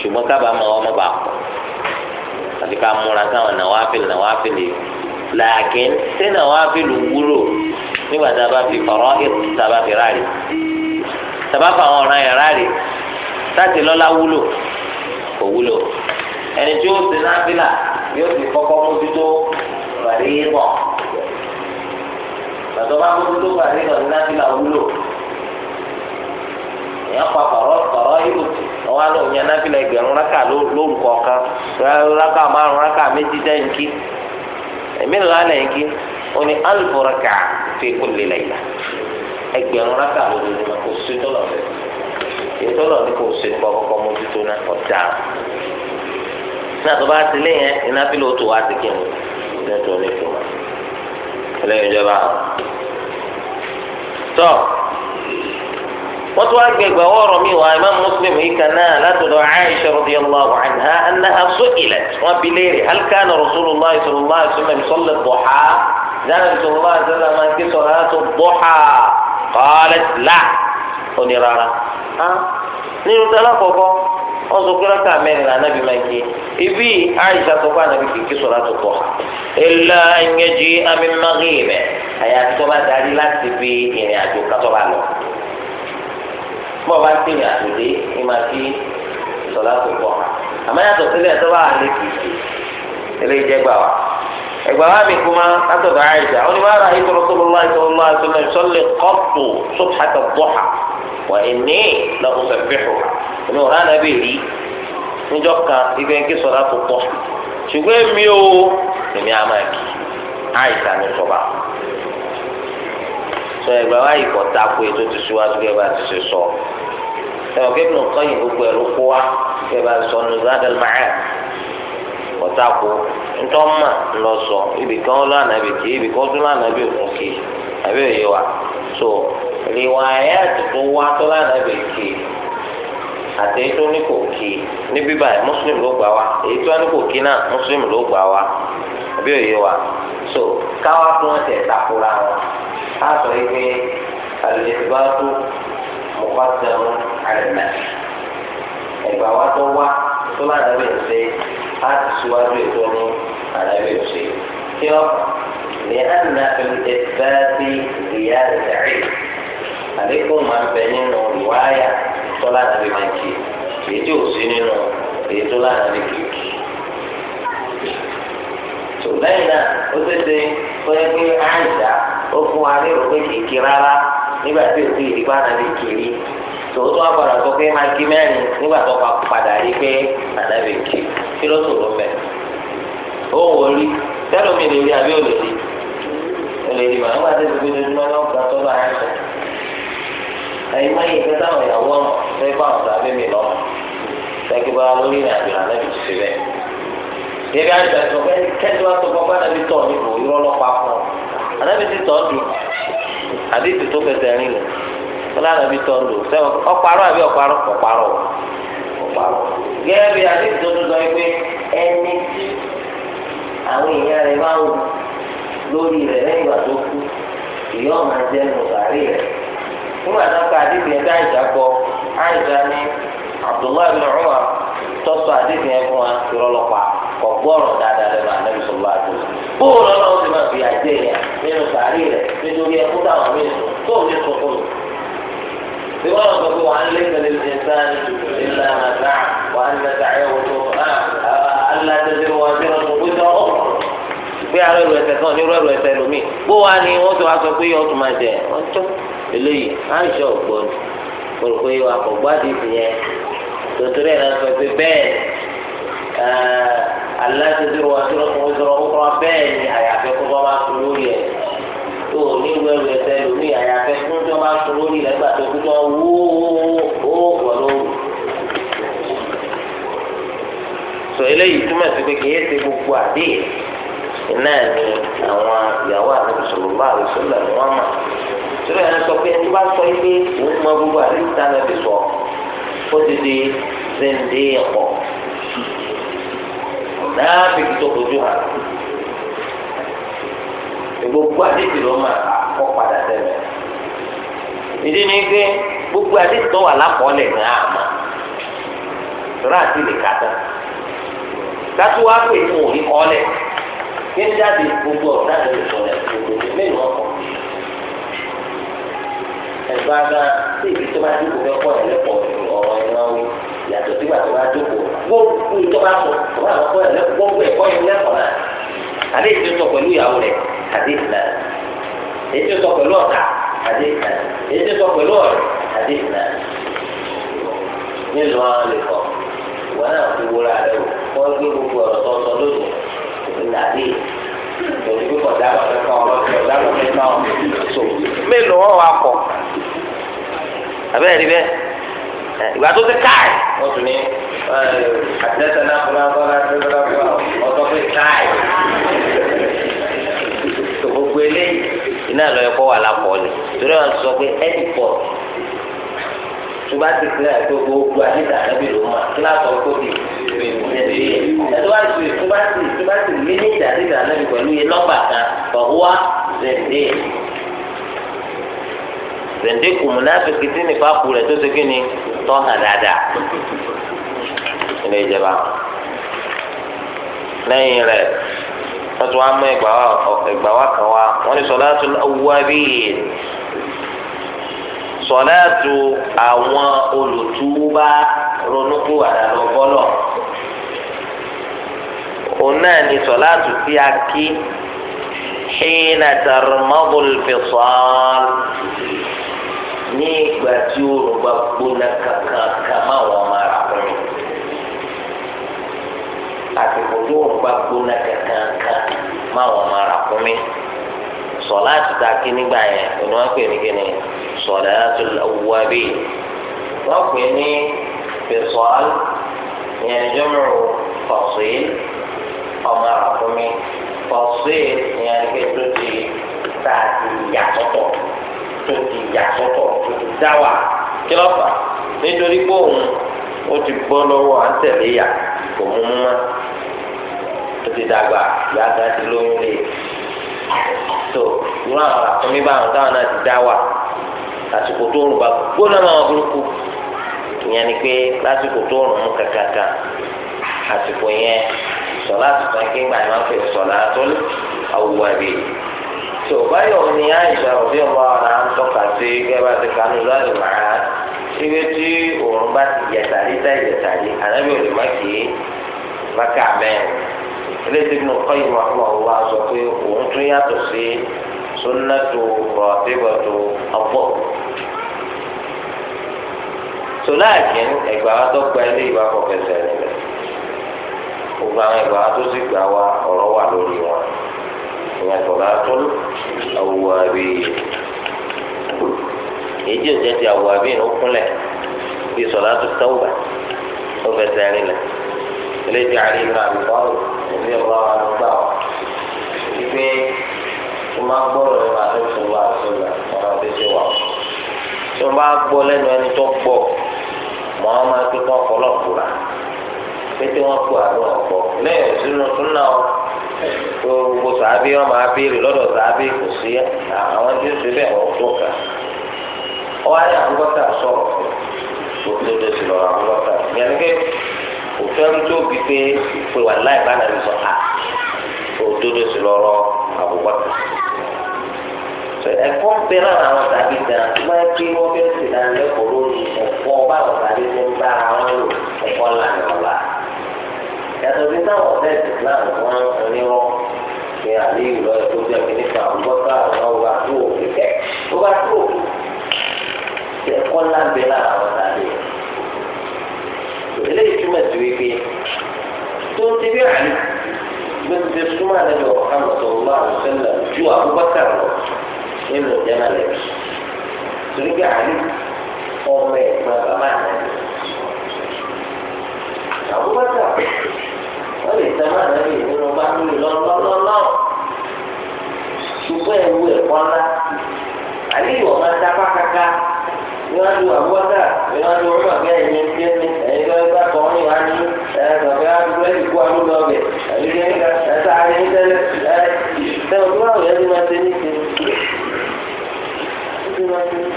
ṣùgbọ́n kábàámà ọmọ bá kú àti ká múra sáwọn nàwáfíl nàwáfíl làákín sí nàwáfíl wúlò nígbà tá a bá fi ọ̀rọ̀ ètò tá a bá fi ráàlì tá a bá fa àwọn ọ̀ràn yẹn ráàlì láti lọ́lá wúlò kò wúlò ẹni tí ó sin náà fílà yóò fi kọ́kọ́ mójútó rẹ̀ yé bọ̀ gbàtọ́ bá mú tó gbà nínú ọ̀nà tí la wúlò èèyàn pa kọ̀rọ̀ kọ̀rọ̀ yìí wọ́n á lọ òyìn anáfíà ẹgbẹ̀rún rákà lórúkọ kan rákà márùn rákà méjì dẹ́yìnkì èmi nìlá lẹ́yìnkì ó ní alfu rákà fi kulli layla ẹgbẹ̀rún rákà lójoojúmọ́ kò sí tọ́lọ̀ fẹ́ ètò ọ̀nà ni kò sí nípa kọ́kọ́ mójútó náà ọ̀tá náà tó bá ti lé yẹn ináfíà ó tó wá ti kí ẹlẹ́yìn ìjọba tọ́ wọ́n tún wá gbẹgbẹ́ ọ̀rọ̀ mi wá imam muslim yìí kan náà látọ̀dọ̀ aisha radiyallahu anha annaha su'ilat wọ́n bi léèrè hal kana rasulullah sallallahu alaihi wasallam salla duha dáná sallallahu alaihi wasallam máa ń ké salatu duha qalat la onírara ah, nínú tẹ́lá kọ̀ọ̀kan wọn sọ pé rákà mẹ́rin náà anábì máa ń ké ibi àyíṣà sọ pé anábì kìí ké sọlá tó pọ ilà ẹnyẹjì àmì magi rẹ àyàfi tó bá darí láti fi ìrìn àjò kátó bá lọ bọ́ọ̀ bá ti rìn àjò dé ni máa fi sọlá tó pọ àmọ́ yàtọ̀ sílẹ̀ tó bá lè kìí ké eléyìí jẹ́ gbà wá ẹgbàá wa mi kuma látọ̀dọ̀ àyíṣà ó ní wàá ra ìtọ́lọ́sọ́lọ́lá ìtọ́lọ́lá ìtọ́lọ́lá ìtọ́lọ́lá ìtọ́lọ́lá wà ẹni lọ́kùn sẹ̀fẹ̀hù inú ọ̀rá náà bẹ̀ rí níjọ́ kan ibi ẹni kí sọ̀rọ̀ tó pọ̀ ṣùgbọ́n èmi o èmi á máa kì àìsàn ní sọ̀bà sọ ẹgbẹ́ wa ìkọ̀ tako ètò ti síwájú gẹ́gẹ́ bá ti ṣe sọ ẹ̀wọ̀n kí Ibn Qayyim gbogbo ẹ̀rọ kó wa gẹ́gẹ́ bá ti sọ ní Zadul Ma'ad ọ̀tako ntọ́mà ńlọsọ ibìkan lọ́nà ibìkí ibìkan tún lọ́nà ibìkún kì àbí òye wa so rìwáyà tó wá tó lánàá bẹ̀ kì í àti èyí tó ní kò kì í ní bíbá ẹ̀ mùsùlùmí ló gbà wá èyí tó ní náà mùsùlùmí ló gbà wá àbí òye wa so káwá tó wọn tẹ̀ takora wọn á sọ yìí pé àlùjẹ̀síbá tó mọ̀kọ́ sẹ́wọ́n àrẹ̀mẹ̀ ẹ̀gbà wá tó wá tó lánàá bẹ̀ ṣe á ti síwájú ètò ní àlàyé bẹ̀ ṣe kí ọ lè hàn náà fi ẹ̀fẹ́ sí ìyá rẹ̀ rẹ̀ àlékún máa ń bẹ nínú ìwáyà tọ́lá nàbí máa ń kí èyí tí ò sí nínú èyí tó lánàá ní kìkì. tó lẹ́yìn náà ó tètè sọ́yẹ́ pé àìsà ó fún wa ní òpin kìkì rárá nígbà tí òsì ìdígbà náà ní kiri tòun tó wá padà sọ pé máa kí mẹ́rin nígbà tó pa padà rí pé ànábì kì kí ló sòrò mẹ́. ó wò ó rí tẹ́lómi lè rí àbí ò rí ò rí màá nígbà tó ti gbé lójúmọ́ náà gbà tó bá àìsàn ẹ̀yin máa yẹ kẹta àwọn ìyàwó ọ̀nà fẹ́ bá àwọn sàbẹ̀ mi lọ sẹ́kìbá lórí ìrìn àjò àná ti ṣe bẹ́ẹ̀. Bébí àjà sọ pé kẹ́tù wá sọ fún Ànábì tọ̀ nípò irọ́ lọ́pàá fún ọ. Ànábì ti tọ̀ dù àbí ti tó fẹsẹ̀ rìn lọ. Fúlá Ànábì tọ̀ dù sẹ́wọ̀n ọ̀parọ̀ àbí ọ̀parọ̀ ọ̀parọ̀ ọ̀parọ̀. Gẹ́gẹ́ bí àti ti tó tó sọ pé ẹni tí àwọn èèyàn rẹ̀ máa ń lórí rẹ̀ lẹ́yìn ìgbà tó kú ìyá ọ̀nà jẹ́ nù sàárè rẹ̀ nígbà náà gba àdéhùn yẹn dáìjà gbọ àìjà ní Abdullahi bin Umar tọ́sọ àdéhùn yẹn fún wa ìrọlọ́pàá kọ̀ gbọ́rọ̀ dáadáa lẹ́nu ànábì sọ̀rọ̀ àdéhùn. bóòlù ọlọ́run ti máa fi àjẹ yẹn nínú sàárì rẹ̀ nítorí ẹkú táwọn mí sùn tó ní tuntun bí wọ́n sọ pé wàá lé pẹ̀lú ìṣẹ̀nsán ìlànà àgbà wàá pé arọ ẹrù ẹsẹ kan onírú ẹrù ẹsẹ lómi bó wá ni wọn tó wá sọ pé ọtún máa jẹ wọn tó eléyìí àìsọ ọgbọ ni mo rò pé àkọgbọ àdìsí yẹn tòtòrò ẹ̀ náà sọ pé bẹ́ẹ̀ aláṣẹ́sẹ́rò wa tó lọ́kùnrin sọ̀rọ̀ kókó bẹ́ẹ̀ ni àyàfẹ́ kó bá máa fún lórí ẹ̀ tó onírú ẹrù ẹsẹ lómi àyàfẹ́ kó tó máa fún lórí ẹ̀ tó kú tó wó sọ eléyìí túmọ̀ sí pé kì í ṣe gbogbo àdéhìí iná ni àwọn ìyàwó àti sọlọlá àti sọlọ ni wọn mà sọlọ yẹn sọ pé ẹni bá sọ yìí pé òun mọ gbogbo àdìsá náà ti sọ ó ti di zèndé ẹkọ náà fi tó kojú hàn gbogbo àdìsí ló mà kọ padà tẹlẹ ìdí ni pé gbogbo àdìsí tó wà lápọ̀ọ́lẹ̀ ní àmà sọlá àti lè kàtà kátó wá pè fún òní kọ́lẹ̀ ní jáde gbogbo ọ̀dà lórí ìṣọ̀lẹ̀ gbogbo mélòó ọkọ̀ ẹ̀gbọ́n agbá tí ìbí tó bá dúkò fẹ́ kọ́ ẹ̀lẹ́pọ̀ ọ̀rọ̀ ẹ̀rọ wí yàtọ̀ sígbà tó bá dúkò gbogbo ìjọba sọ ọ̀rọ̀ àwọn kọ́ ẹ̀lẹ́pọ̀ gbogbo ẹ̀kọ́ ẹ̀lẹ́pọ̀ náà àlẹ́ ìṣe sọ pẹ̀lú ìyàwó rẹ̀ àdé ìlà èyí tó sọ pẹ̀lú ọ̀tá àdé ìlà èyí tó sọ pẹ̀lú ọ̀rẹ́ ìlàdí torí pé kọjá lọ fẹ́ kàn ọlọ́sìn kọjá lọ fẹ́ kàn so mélòó wọn wà kọ abẹ́rẹ́ rí bẹ́ẹ̀ ìgbà tó ti káì wọ́n tún ní àtẹ́sẹ̀ náà fún wọn bọ́lá tó lọ́wọ́ fún wọn ọ̀tọ́ pé káì tó gbogbo eléyìí iná lọ́yọ̀ kọ́ wà lápọ̀ọ́lẹ̀ torí wọn sọ pé ẹnì pọ̀ tó bá ti kílẹ̀ tó gbogbo àdìsá àdàbí ló mọ̀ kíláàsì ọkọ̀ bíi pé ìfúnṣe tó bá ti tó bá ti tó bá ti mí ní ìdá nígbà náà pẹ̀lú iye nọ́mbà kan fọwọ́ zèndé zèndé kù múnáfíkì tí nìfà kù rẹ̀ tó ṣe kí ni tọ́ hàn dáadáa ilé ìjọba lẹ́yìn rẹ̀ wọ́n tún wá mú ìgbà wa kan wá wọ́n ní sọ́lá tó awúwá bíi sọ̀láàtù àwọn olùtúwúbá ronúkú àdàlọ́ bọ́lọ̀ òun náà ni sọ̀láàtù tí a kí hìnà tàrmọ́bùl fìsọ́ọ́l ní ìgbà tí oòrùn bá gbóná kankan kan máa wọ́n máa rà fún mi àsìkò tí oòrùn bá gbóná kankan kan máa máa rà fún mi sọ̀láàtù tá a kí nígbà yẹn òun wá pè ní kíni salatul awwabin wọ́n pè ní bisal ìyẹn ní jọ́mọ̀ fasil ọmọ àkúnmí fasil ìyẹn ní pé tó ti tá a ti yà sọ́tọ̀ tó ti yà sọ́tọ̀ tó ti dá wà kí nítorí pé ó ti gbọ́ lọ́wọ́ à ń tẹ̀lé yà kò mú mú mọ́ ó ti dàgbà yàtọ̀ àti lóyún lé tó ìwọ́n àwọn báwọn táwọn náà ti dá àsìkò tó rùn bá gbóná máa burúkú ìyẹn ni pé lásìkò tó rùn mú kàkàkà àsìkò yẹn sọlá tuntun kí n gbà máa fẹ́ sọlá tó awùwà bi tó báyọ̀ ní àyíṣà òbí ọba ọ̀nà ń tọ́ka sí gẹ́gẹ́ ti kanú lọ́ọ̀lù màá síbi tí òun bá ti yẹ̀tàrí tá yẹ̀tàrí ànábì òde má kì í bákà mẹ́rin ilé tí mo kọ́ ìmọ̀ ọ̀hún wa sọ pé òun tún yàtọ̀ sí sunnatu rọtibatu ọpọ sọláàkì ẹgbà wa tó gba ilé ìwà kọfẹsẹ nílẹ̀ gbogbo àwọn ẹgbà wa tó sì gbà wa ọ̀rọ̀ wà lórí wọn ìyẹn sọlá tó awùwà bí èyí ò jẹ ti awùwà bí ní kúnlẹ̀ bí sọlá tó tẹwà kọfẹsẹ nílẹ̀ eléjì àríyìn náà àbíkọ́ ọ̀rọ̀ ẹ̀mí ọ̀rọ̀ àwọn àgbà wa wípé tí máa gbọ́rọ̀ lẹ́nu àdéhùn wa àṣẹlẹ̀ ọ̀rọ̀ àdéhùn wa tí wọ́n bá gbọ́ lẹ́nu ẹni tó gbọ́ mọ́ ọ́n máa gbé kọ́ ọ̀pọ̀lọpọ̀ rà pété wọ́n gbọ́ àdúrà ọ̀pọ̀ lẹ́yìn sínú tún náà gbogbo sàábí wọn máa béèrè lọ́dọ̀ sàábí kò sí àwọn tí ó ṣe bẹ́ẹ̀ wọ́n tó kà ọwọ́ ayé àbúkọ́tà sọ̀rọ̀ tó tó tó sì lọ́rọ̀ àbúkọ́tà ìyẹn ní pé òfin tó bí pé pé wà láì bá nàbí sọ ha òdodo sì lọ́rọ̀ àbúkọ́tà sọ ẹ̀fọ́ ń bẹ lára àwọn tàbí dàn máa ń pín wọ́n bẹ́ẹ̀ sì dáná lẹ́kọ̀ọ́ lórí ẹ̀fọ́ báwọn tàbí ti ń bá ara wọn lò ẹ̀fọ́ lànà ọ̀la. yàtọ̀ sí táwọn ọ̀sẹ̀ ìsìláàmù wọn ń ní wọn ṣe àlẹ́ ìlọ ẹ̀kọ́ jẹ́ kí nípa àbúgbọ́sá àwọn ọba tó òfin kẹ́ tó bá tó òfin ẹ̀fọ́ ńlá ń bí àlè gbẹ̀ǹdẹ̀ súnmọ́ nínú ìjẹ́ mọ̀lẹ́bí torí pé àlè ọmọ ẹ̀gbọ́n bàbá àná àbúrò wọ́n lè tẹ́ máa náà yìí nínú bá ń lò lọ́lọ́lọ́lọ́ ṣùgbọ́n ẹ̀wù ẹ̀kọ́ ńlá àlè ìwọ̀ máa ń dápá kaka ní wọ́n lu àbúrò ní wọ́n lu ọmọ ọ̀gá ẹ̀yìn ní ẹ̀yìn ẹ̀yìn lọ́wọ́ kọ́ ọ́n ìwà ní ẹ̀ẹ́dọ̀gá àdúgbò ẹ̀yìn kú àlùbọ̀ ọ̀bẹ̀ ẹ̀ máa ń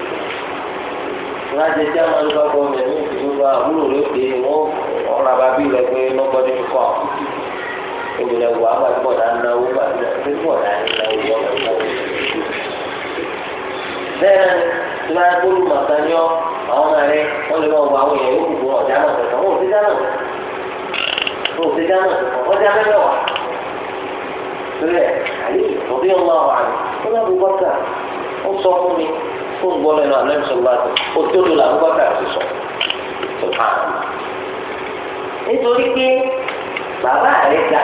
láti jẹ́ máa ń lọ́kọ̀ mẹ́mí ìfìdúgba àbúrò lóde wọ́n ọ̀rọ̀ àbábí rẹ̀ pé nobody to call. Ìgbìlẹ̀ wò àgbà tí bọ̀dá náwó gbà tí bọ̀dá náwó yọ̀ ọ̀gá náwó. Bẹ́ẹ̀ ni láti bólú màkà ní ọ àwọn ọmọ rẹ wọ́n lè máa wọ àwọn èèyàn yóò kúkú ọ̀dà náà tẹ̀sán. Wọ́n ò sí dáná tẹ̀sán. Wọ́n ò sí dáná tẹ̀sán. Wọ́n já mẹ́lẹ̀ wà. Sílẹ̀ àyè òbí ọmọ àwọn àná. Ó tó ń gbọ́ lẹ́nu àná ìṣọ̀lá tó òdodo làbúgbàtà ti sọ tó pa á. nítorí pé bàbá rẹ̀ ga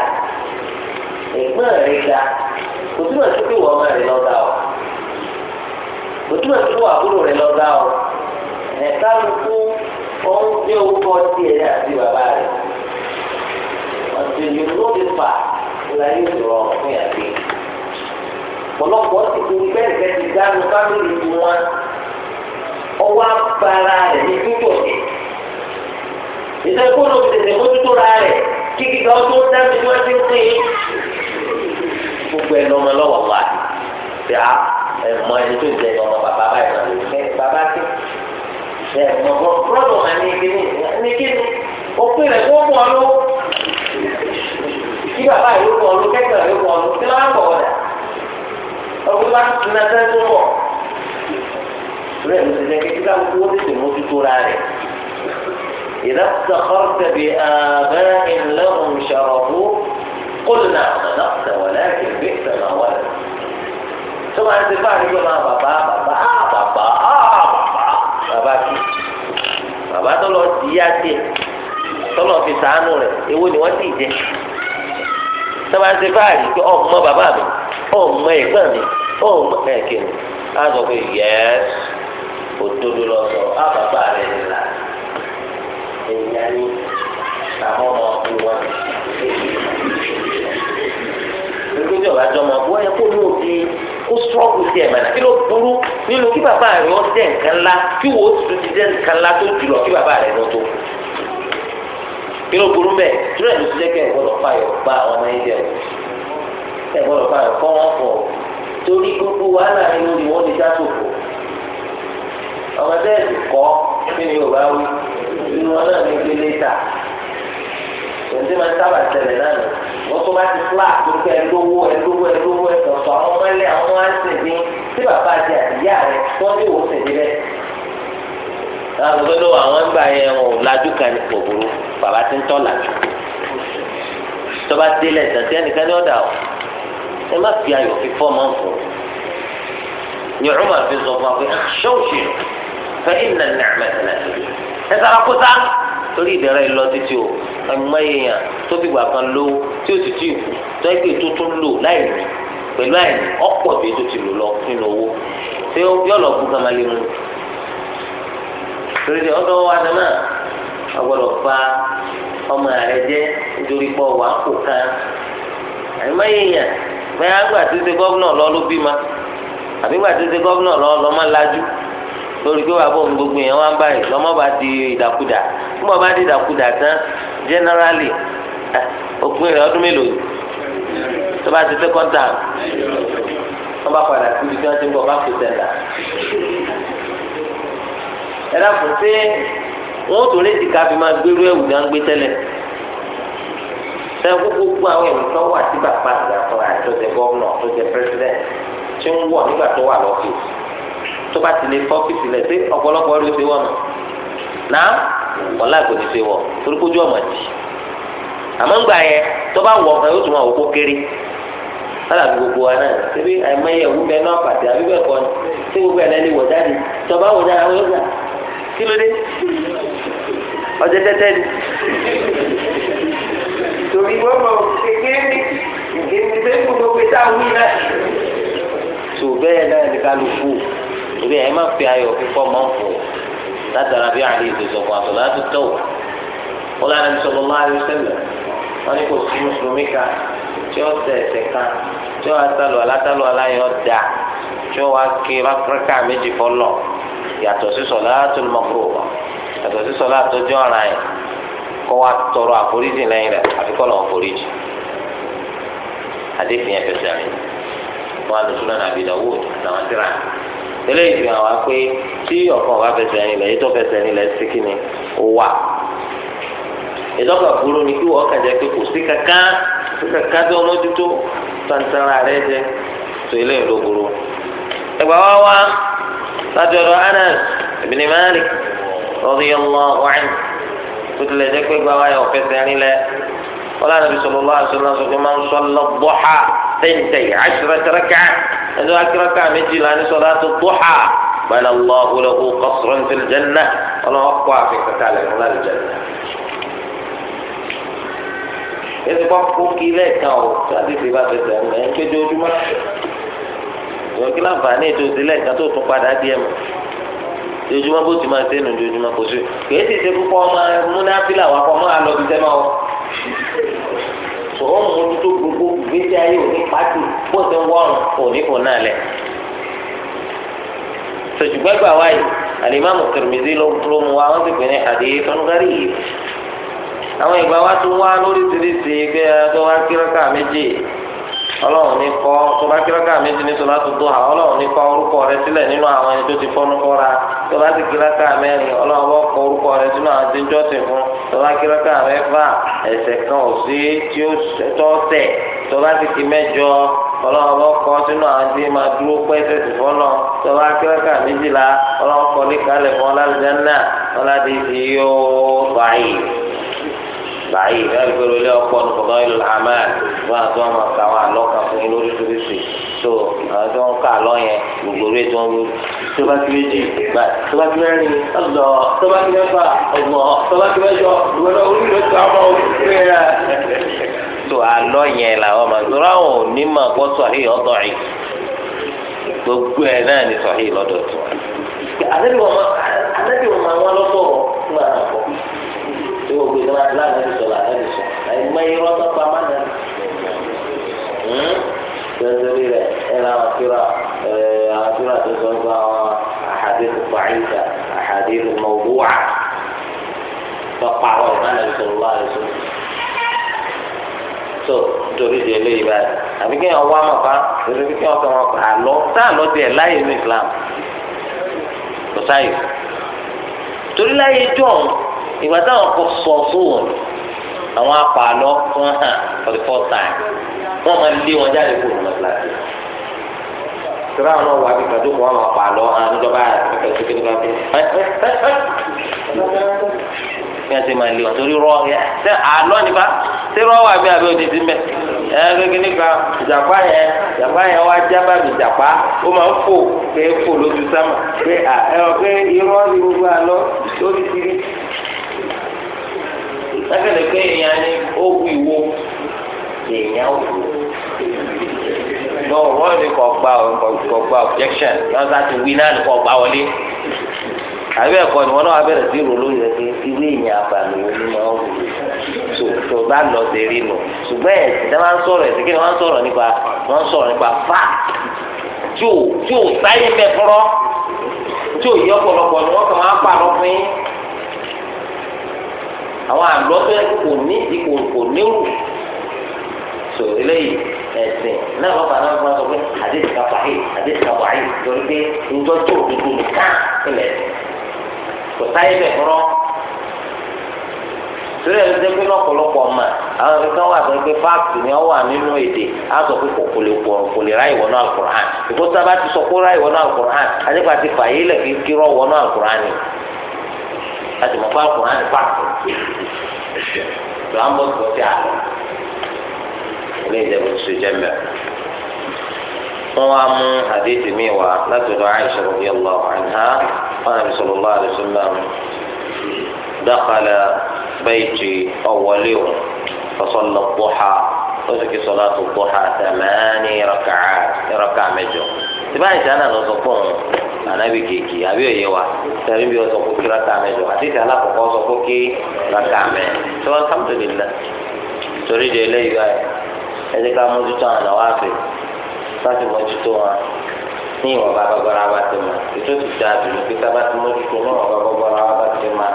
ẹ̀gbọ́n rẹ̀ ga kò túmọ̀ sí pé wọ́n máa rẹ̀ lọ́dà o kò túmọ̀ sí pé wọ́n àbúrò rẹ̀ lọ́dà o ẹ̀ka ló kú ọ̀hún gbé orúkọ tiẹ̀ àti bàbá rẹ̀ ọ̀sẹ̀ yìí ló ti fà láyé ìrọ̀ fún yàtí ọ̀pọ̀lọpọ̀ ti torí bẹ́ẹ̀ bẹ́ẹ̀ ti dánu fámìlì ju wọn ọwọ́ apara rẹ̀ ní túbọ̀ ní. ìṣe kó ló fi tètè mójútó ra rẹ̀ kí kíkà ó tó dábì tí wọ́n ti ń pín in. gbogbo ẹ̀ lọ́mọ lọ́wọ́ wa ti a ẹ̀ mọ ẹni tó jẹ ọmọ bàbá báyìí náà lè fẹ́ bàbá sí. ẹ̀ mọ bọ́dọ̀ máa ní kíni ní kíni òpin rẹ̀ kó mọ̀ ọ́ ló kí bàbá yóò mọ̀ ọ́ ló yóò mọ̀ ọ́ kí lọ́wọ́ ọdún bá na fẹ́ tó wọ̀ rẹ̀ ló ti jẹ́ kí kíkà kú ó tètè mójú tó ra rẹ̀ إذا افتخرت بآباء لهم شرفوا قلنا صدقت ولكن بئس ما ولد ثم أنت فاهم يقول بابا بابا بابا bàbá kí bàbá tó lọ di yá díẹ̀ tó lọ fi sàánú rẹ̀ èwo ni wọ́n ti jẹ sábà ń ṣe báyìí pé ọmọ bàbá mi. ọmọ ẹ̀gbọ́n mi ọmọ ẹ̀kẹ́ mi á sọ pé yẹ́s òdodo lọ sọ á bàbá rẹ̀ nìlá ẹ̀yìn ayé àwọn ọmọ ọdún wọn gbogbo ìjọba àjọmọ àbúrò ẹ kó ní òbí kó sọ́ọ̀bù sí ẹ̀ mọ̀nà kí ló burú nínú kí bàbá rẹ̀ ó jẹ́ nǹkan ńlá kí wò ó tún ti jẹ́ nǹkan ńlá tó jùlọ kí bàbá rẹ̀ lọ́tọ́ kí ló burú mẹ́ẹ̀ tí ó rẹ̀ ti jẹ́ kí ẹ̀ gbọ́dọ̀ fà yọ̀ gba ọmọ ẹ̀ jẹ́ o ẹ̀wọ̀n ọ̀pá ẹ̀kọ́ wọn pọ̀ torí gbogbo wàhálà nínú ni wọ́n lè dá sòfò ọmọ bẹ́ẹ̀ sì kọ́ kí ni Yorùbá wí inú wọn náà ní gbélé ta tòun tí máa ń sábà tẹ̀lé náà nù wọ́n tó bá ti fúlà lókè ẹlówó ẹlówó ẹlówó ẹ̀sọ̀tọ̀ àwọn ọmọlẹ́ àwọn àṣẹ̀dé tí bàbá àti àtìyá rẹ̀ wọ́n ní òun ṣèdí rẹ̀. láti lọ́dọ̀ àwọn ń gbà yẹn wọn ò lajú kan ní bàbá ti ń tọ́ lajú tọ́ba délẹ̀ tàbí ẹnìkan ní ọ̀dà ọ̀ ẹ má fi ayọ̀ fi fọ́ máa ń fò ní ọ̀rọ̀mà fi sọ fún wa pé ṣọ́ọ̀ṣì fẹ́ ìnà nàìmẹ́ tẹ̀lé ẹ sára kó sá torí ìdẹ́rẹ́ lọ títí o ẹ̀mọ́ èèyàn tó fi gbà kan lówó tí ó sì tì í tó ẹgbẹ́ tó tún lò láì ní pẹ̀lú àìní ọ̀pọ̀ bí tó ti lò lọ nínú owó tí yóò lọ kú kàmá lé mu torí ẹ ọ̀dọ̀ wa náà agbọ́dọ̀ fa ọmọ rẹ jẹ nítorí pọ̀ wà kó kan ẹ̀mọ́ èèyàn bẹ́ẹ̀ àgbà tí ṣe gọ́vnà lọ ló bí ma àbí gbà tí ṣe gọ́vnà lọ lọ́mọ lajú lórí pé wàá bọ̀ ní gbogbo yẹn wá ń báyìí lọ́mọ bá di ìdàkudà fún bàbá di ìdàkudà tán generally òpin rẹ̀ ọdún mélòó tó bá ti second term wọ́n bá padà síbi tí wọ́n ti ń bọ̀ bá kò tẹ̀lá ẹ̀dá kò sí wọ́n tó lè ti ká fi máa gbérú ẹ̀wù náà tẹ́lẹ̀ sẹ́yìn kó gbogbo àwọn èèyàn tó wà tí bàbá àgbà kan àti ọ̀sẹ̀ gọ́ọ̀nà tó jẹ pírẹsidẹ̀ntì tí ń wọ̀ nígbà tó wà lọ́fíìsì tó bá ti lè fọ́fíìsì lẹ̀ sí ọ̀pọ̀lọpọ̀ ló ṣe wọ̀ mọ́ náà ọ̀la kò ní ṣe wọ̀ torí kójú ọ̀mọ̀ jì àmọ́ ńgbà yẹn tó bá wọ̀ ọ̀kan yóò tún àwọn òkú kéré lọ́la bí gbogbo wa náà síbi àìmọye ẹ̀wù bẹ́ẹ̀ náà pàtẹ àbí bẹ́ẹ̀ kọ́ ni tí gbogbo ẹ̀ lẹ́ni wọ̀ jáde tó bá wọ̀ jáde àwọn yóò gbà kí ló dé ọjọ́ tẹ́tẹ́ ni torí wọ́n mọ̀ kékeré ìgbésí bẹ́ẹ̀ gbogbo pé tá a wí náà. tó bẹ́ẹ̀ náà ní kálukú torí ẹ̀ máa fi ayọ̀ fífọ́ mọ́ fún un látara bí àlè ìdòzọ̀ fún àtọ̀ láti tọ̀ wá. wọ́n lára ní sọ̀rọ̀ máa rí sẹ́lẹ̀ wọ́n ní kò sí mùsùlùmí kan tí ó tẹ̀ ẹ̀sẹ̀ kan tí ó atálù alátálù aláyọ̀ dà tí ó wá ké rákàkà méjì fọ́lọ̀ yàtọ̀ sí sọ̀lá tó lọ́mọ́kúrò kọ́ wa tọrọ àforíjì lẹ́yìn rẹ̀ àfi kọ́ lọ́wọ́ foríjì àdéhùn yẹn fẹsẹ̀ rìn wọn lọ sùn lọ́nà àbílẹ̀ owó làwọn ti rà eléyìí fi hàn wá pé tí ọ̀kan ọ̀gá fẹsẹ̀ rìn lẹ̀ ètò fẹsẹ̀ rìn lẹ̀ sí kíni ó wà ìdọ́gba burú ni kí wọ́n kàn jẹ́ pé kò sí kankan sí kankan tó mójútó tantara rẹ jẹ tó eléyìí ló burú ẹgbàá wá wá láti Anas ibn Malik radiyallahu tuntun jẹ́ pé gbawo ayọ̀ fẹsẹ̀ rin lẹ̀ wọ́lá nàbí sallallahu alaihi wasallam sọ pé máa ń sọ lọ́bọ̀ha tẹ̀yìntẹ̀ àṣìrẹ́tẹ̀rẹ́kà ẹni wá kírẹ́kà méjìlá ní sọlá tó bọ̀ha bala Allahu lahu qasran fil jannah ọlọ́wọ́ kọ́ àfikún kalẹ̀ fún láti jannah. ètò bá kú kí lẹ́ẹ̀kan o sáàdì ti bá fẹsẹ̀ ẹ̀ ń kéde ojúmọ́ ìwọ̀n kí láǹfààní ètò ìsílẹ̀ kan tó padà díẹ̀ mọ́ jojúmọ́ bó ti máa sẹ́nu jojúmọ́ kò sí kì í sì ṣe púpọ̀ ọmọ múnáfílà wà pọ̀ mọ́ àlọ́ fi sẹ́mọ́ ọ. sọ̀rọ̀ mú tó gbogbo gbèsè ayé òní pàtó bó ti ń wọ́rùn òní fò náà lẹ̀. sọ̀tùgbọ́ gbà wáyé alimami Tirmidhi ló mú wa wọ́n ti pè ní hadithun gharib. àwọn ìgbà wa tún wá lóríṣiríṣi pé ẹgbẹ́ wa kírọ́kà méjì ọlọ́run ní kọ́ tó bá kíláka méjì ní sọlá tó tó ha ọlọ́run ní kọ́ orúkọ rẹ sílẹ̀ nínú àwọn ẹni tó ti fọ́nú kọ́ra tó bá ti kíláka mẹ́rin ọlọ́run wọ́n kọ orúkọ rẹ sínú àwọn tí ń jọ́sìn fún tó bá kíláka mẹ́fà ẹ̀ṣẹ̀ kan ò sí tí ó tọ́ tẹ̀ tó bá ti kí mẹ́jọ ọlọ́run wọ́n kọ sínú àwọn tí máa dúró pẹ́ sẹ̀sì fọ́nà tó bá kíláka méjìlá ọlọ́run kọ báyìí ẹ̀rí pẹ̀lú ilé ọkọ̀ ní kọ̀dọ̀ ìlú hamad wọn àti wọn máa kàwọn àlọ́ kan fún yín lóríṣiríṣi tó àwọn tí wọn kà lọ yẹn gbogbo rẹ tó ń wú tó bá ti méjì gbà tó bá ti mẹ́rin ọ̀dọ̀ tó bá ti mẹ́fà ọ̀gbọ̀n tó bá ti mẹ́jọ ìwọ́n orí ló ti ọmọ òkúté rẹ. tó àlọ́ yẹn làwọn máa tó ráwọn ò ní máa kọ́ sọ̀rí ọ̀dọ̀ rẹ̀ gbogbo ìwọ gbé náà láàrin ẹbí sọ láàrin ẹbí sọ àìmọ irọ́ tó pa má nà tẹ́tẹ́rì rẹ̀ ẹ̀ náà àwọn tíra àwọn tíra tó sọ nípa àwọn àhàdéhùn fàáyíta àhàdéhùn mọ̀wúwà tó pa àwọn ìmáà ẹbí sọ láàrin sọ. tó torí di eléyìí báyìí àbí kéèyàn wá mọ̀ bá lórí bí kéèyàn sọ wọn àlọ́ tá àlọ́ tiẹ̀ láyé ní Islam kò sáyé torí láyé jọ̀ọ́ ìgbà táwọn kò sọ sóòrùn àwọn apàlọ́ wọn hàn for the first time wọ́n máa lé wọn jáde kúrò lọ síláṣí tura àwọn ọwọ́ àti ìgbàdo kò wọ́n máa pàlọ́ hàn níjọba àti ìgbàdo kò wọ́n máa bí wọ́n ti máa lé wọn torí rọ yẹ ṣé àlọ́ nípa ṣé rọ wà bí abẹ́ òdìdí mẹ́ ẹ gẹ́gẹ́ nípa ìjàpá yẹn ìjàpá yẹn wá jábà bí ìjàpá ó máa ń fò pé fò lójú sámà pé ẹ ọ pé irọ́ ni gbogbo àlọ́ lórí tiri lẹ́sẹ̀lẹ̀ pé èèyàn ni ó wù ìwo èèyàn ò wù. lọ wọ́n ní kò gba kò gba objection wọ́n sá ti wí náà ní kò gba wọlé. àbí ẹ̀kọ́ ni wọ́n náà abẹ́rẹ́ sí ìròló yẹn pé irú èèyàn àbàmì wo ni wọ́n wù tó bá lọ sí rí nù ṣùgbọ́n ẹ̀sìn tí wọ́n sọ̀rọ̀ ẹ̀sìn kí ni wọ́n sọ̀rọ̀ nípa wọ́n sọ̀rọ̀ nípa fáà tí ò tí ò sáyé mẹ́fọ́rọ́ tí ò yẹ ọ̀pọ̀lọpọ̀ ni wọ́n kàn máa ń fún yín àwọn àlọ́ bẹ́ẹ̀ kò ní ìdíkò kò níwù so eléyìí ẹ̀sìn náà wọ́n fà náà fún wa sọ pé àdéhùn kápá yìí àdéhùn kápá yìí torí pé njọ́ tó dúdú nìkan ilẹ̀ kò sáyé bẹ̀ kúrọ́ torí ẹni tẹ́ pé lọ́pọ̀lọpọ̀ ọmọ àwọn akẹ́kọ̀ọ́ wà sọ pé fáàkì ni wọ́n wà nínú èdè á sọ pé kò lè pọ̀ kò lè ráyè wọnú alukur'an ìkó sábà ti sọ kó ráyè wọnú alukur'an àdéhùn àti ni láti mọ̀ pé àkùnrin àti pàtó ìjọba ń bọ̀ tó ti àlọ́ ilé ìjẹ̀bù tó ṣe jẹ́ mbẹ́. wọ́n wá mú àdéhùn mi wá láti ọ̀dọ̀ Aisha radiyallahu anha wọn àbí sallallahu alaihi wasallam dakhala bayti ọ̀wọ́lé o fasalla duha ó sì kí salatu duha thamani raka'a raka'a mẹ́jọ. ìbáyìí sáà náà lọ sọ fún un anabi keke àbí òye wa sẹ́ni bí wọ́n sọ fún kí raka mẹ́jọ àti ìtàn alákọ̀ọ́kọ́ sọ fún kí raka mẹ́ tó wọn sàmùtò lè lẹ torí de eléyìí báyìí ẹni ká mójútó àwọn àwọn àfẹ láti mójútó wọn ní ìwọ̀n bá gbàgbọ́ra wa ti mọ̀ ètò ti da àdùnnú pé ká bá ti mójútó ní ìwọ̀n bá gbàgbọ́ra wa ti mọ̀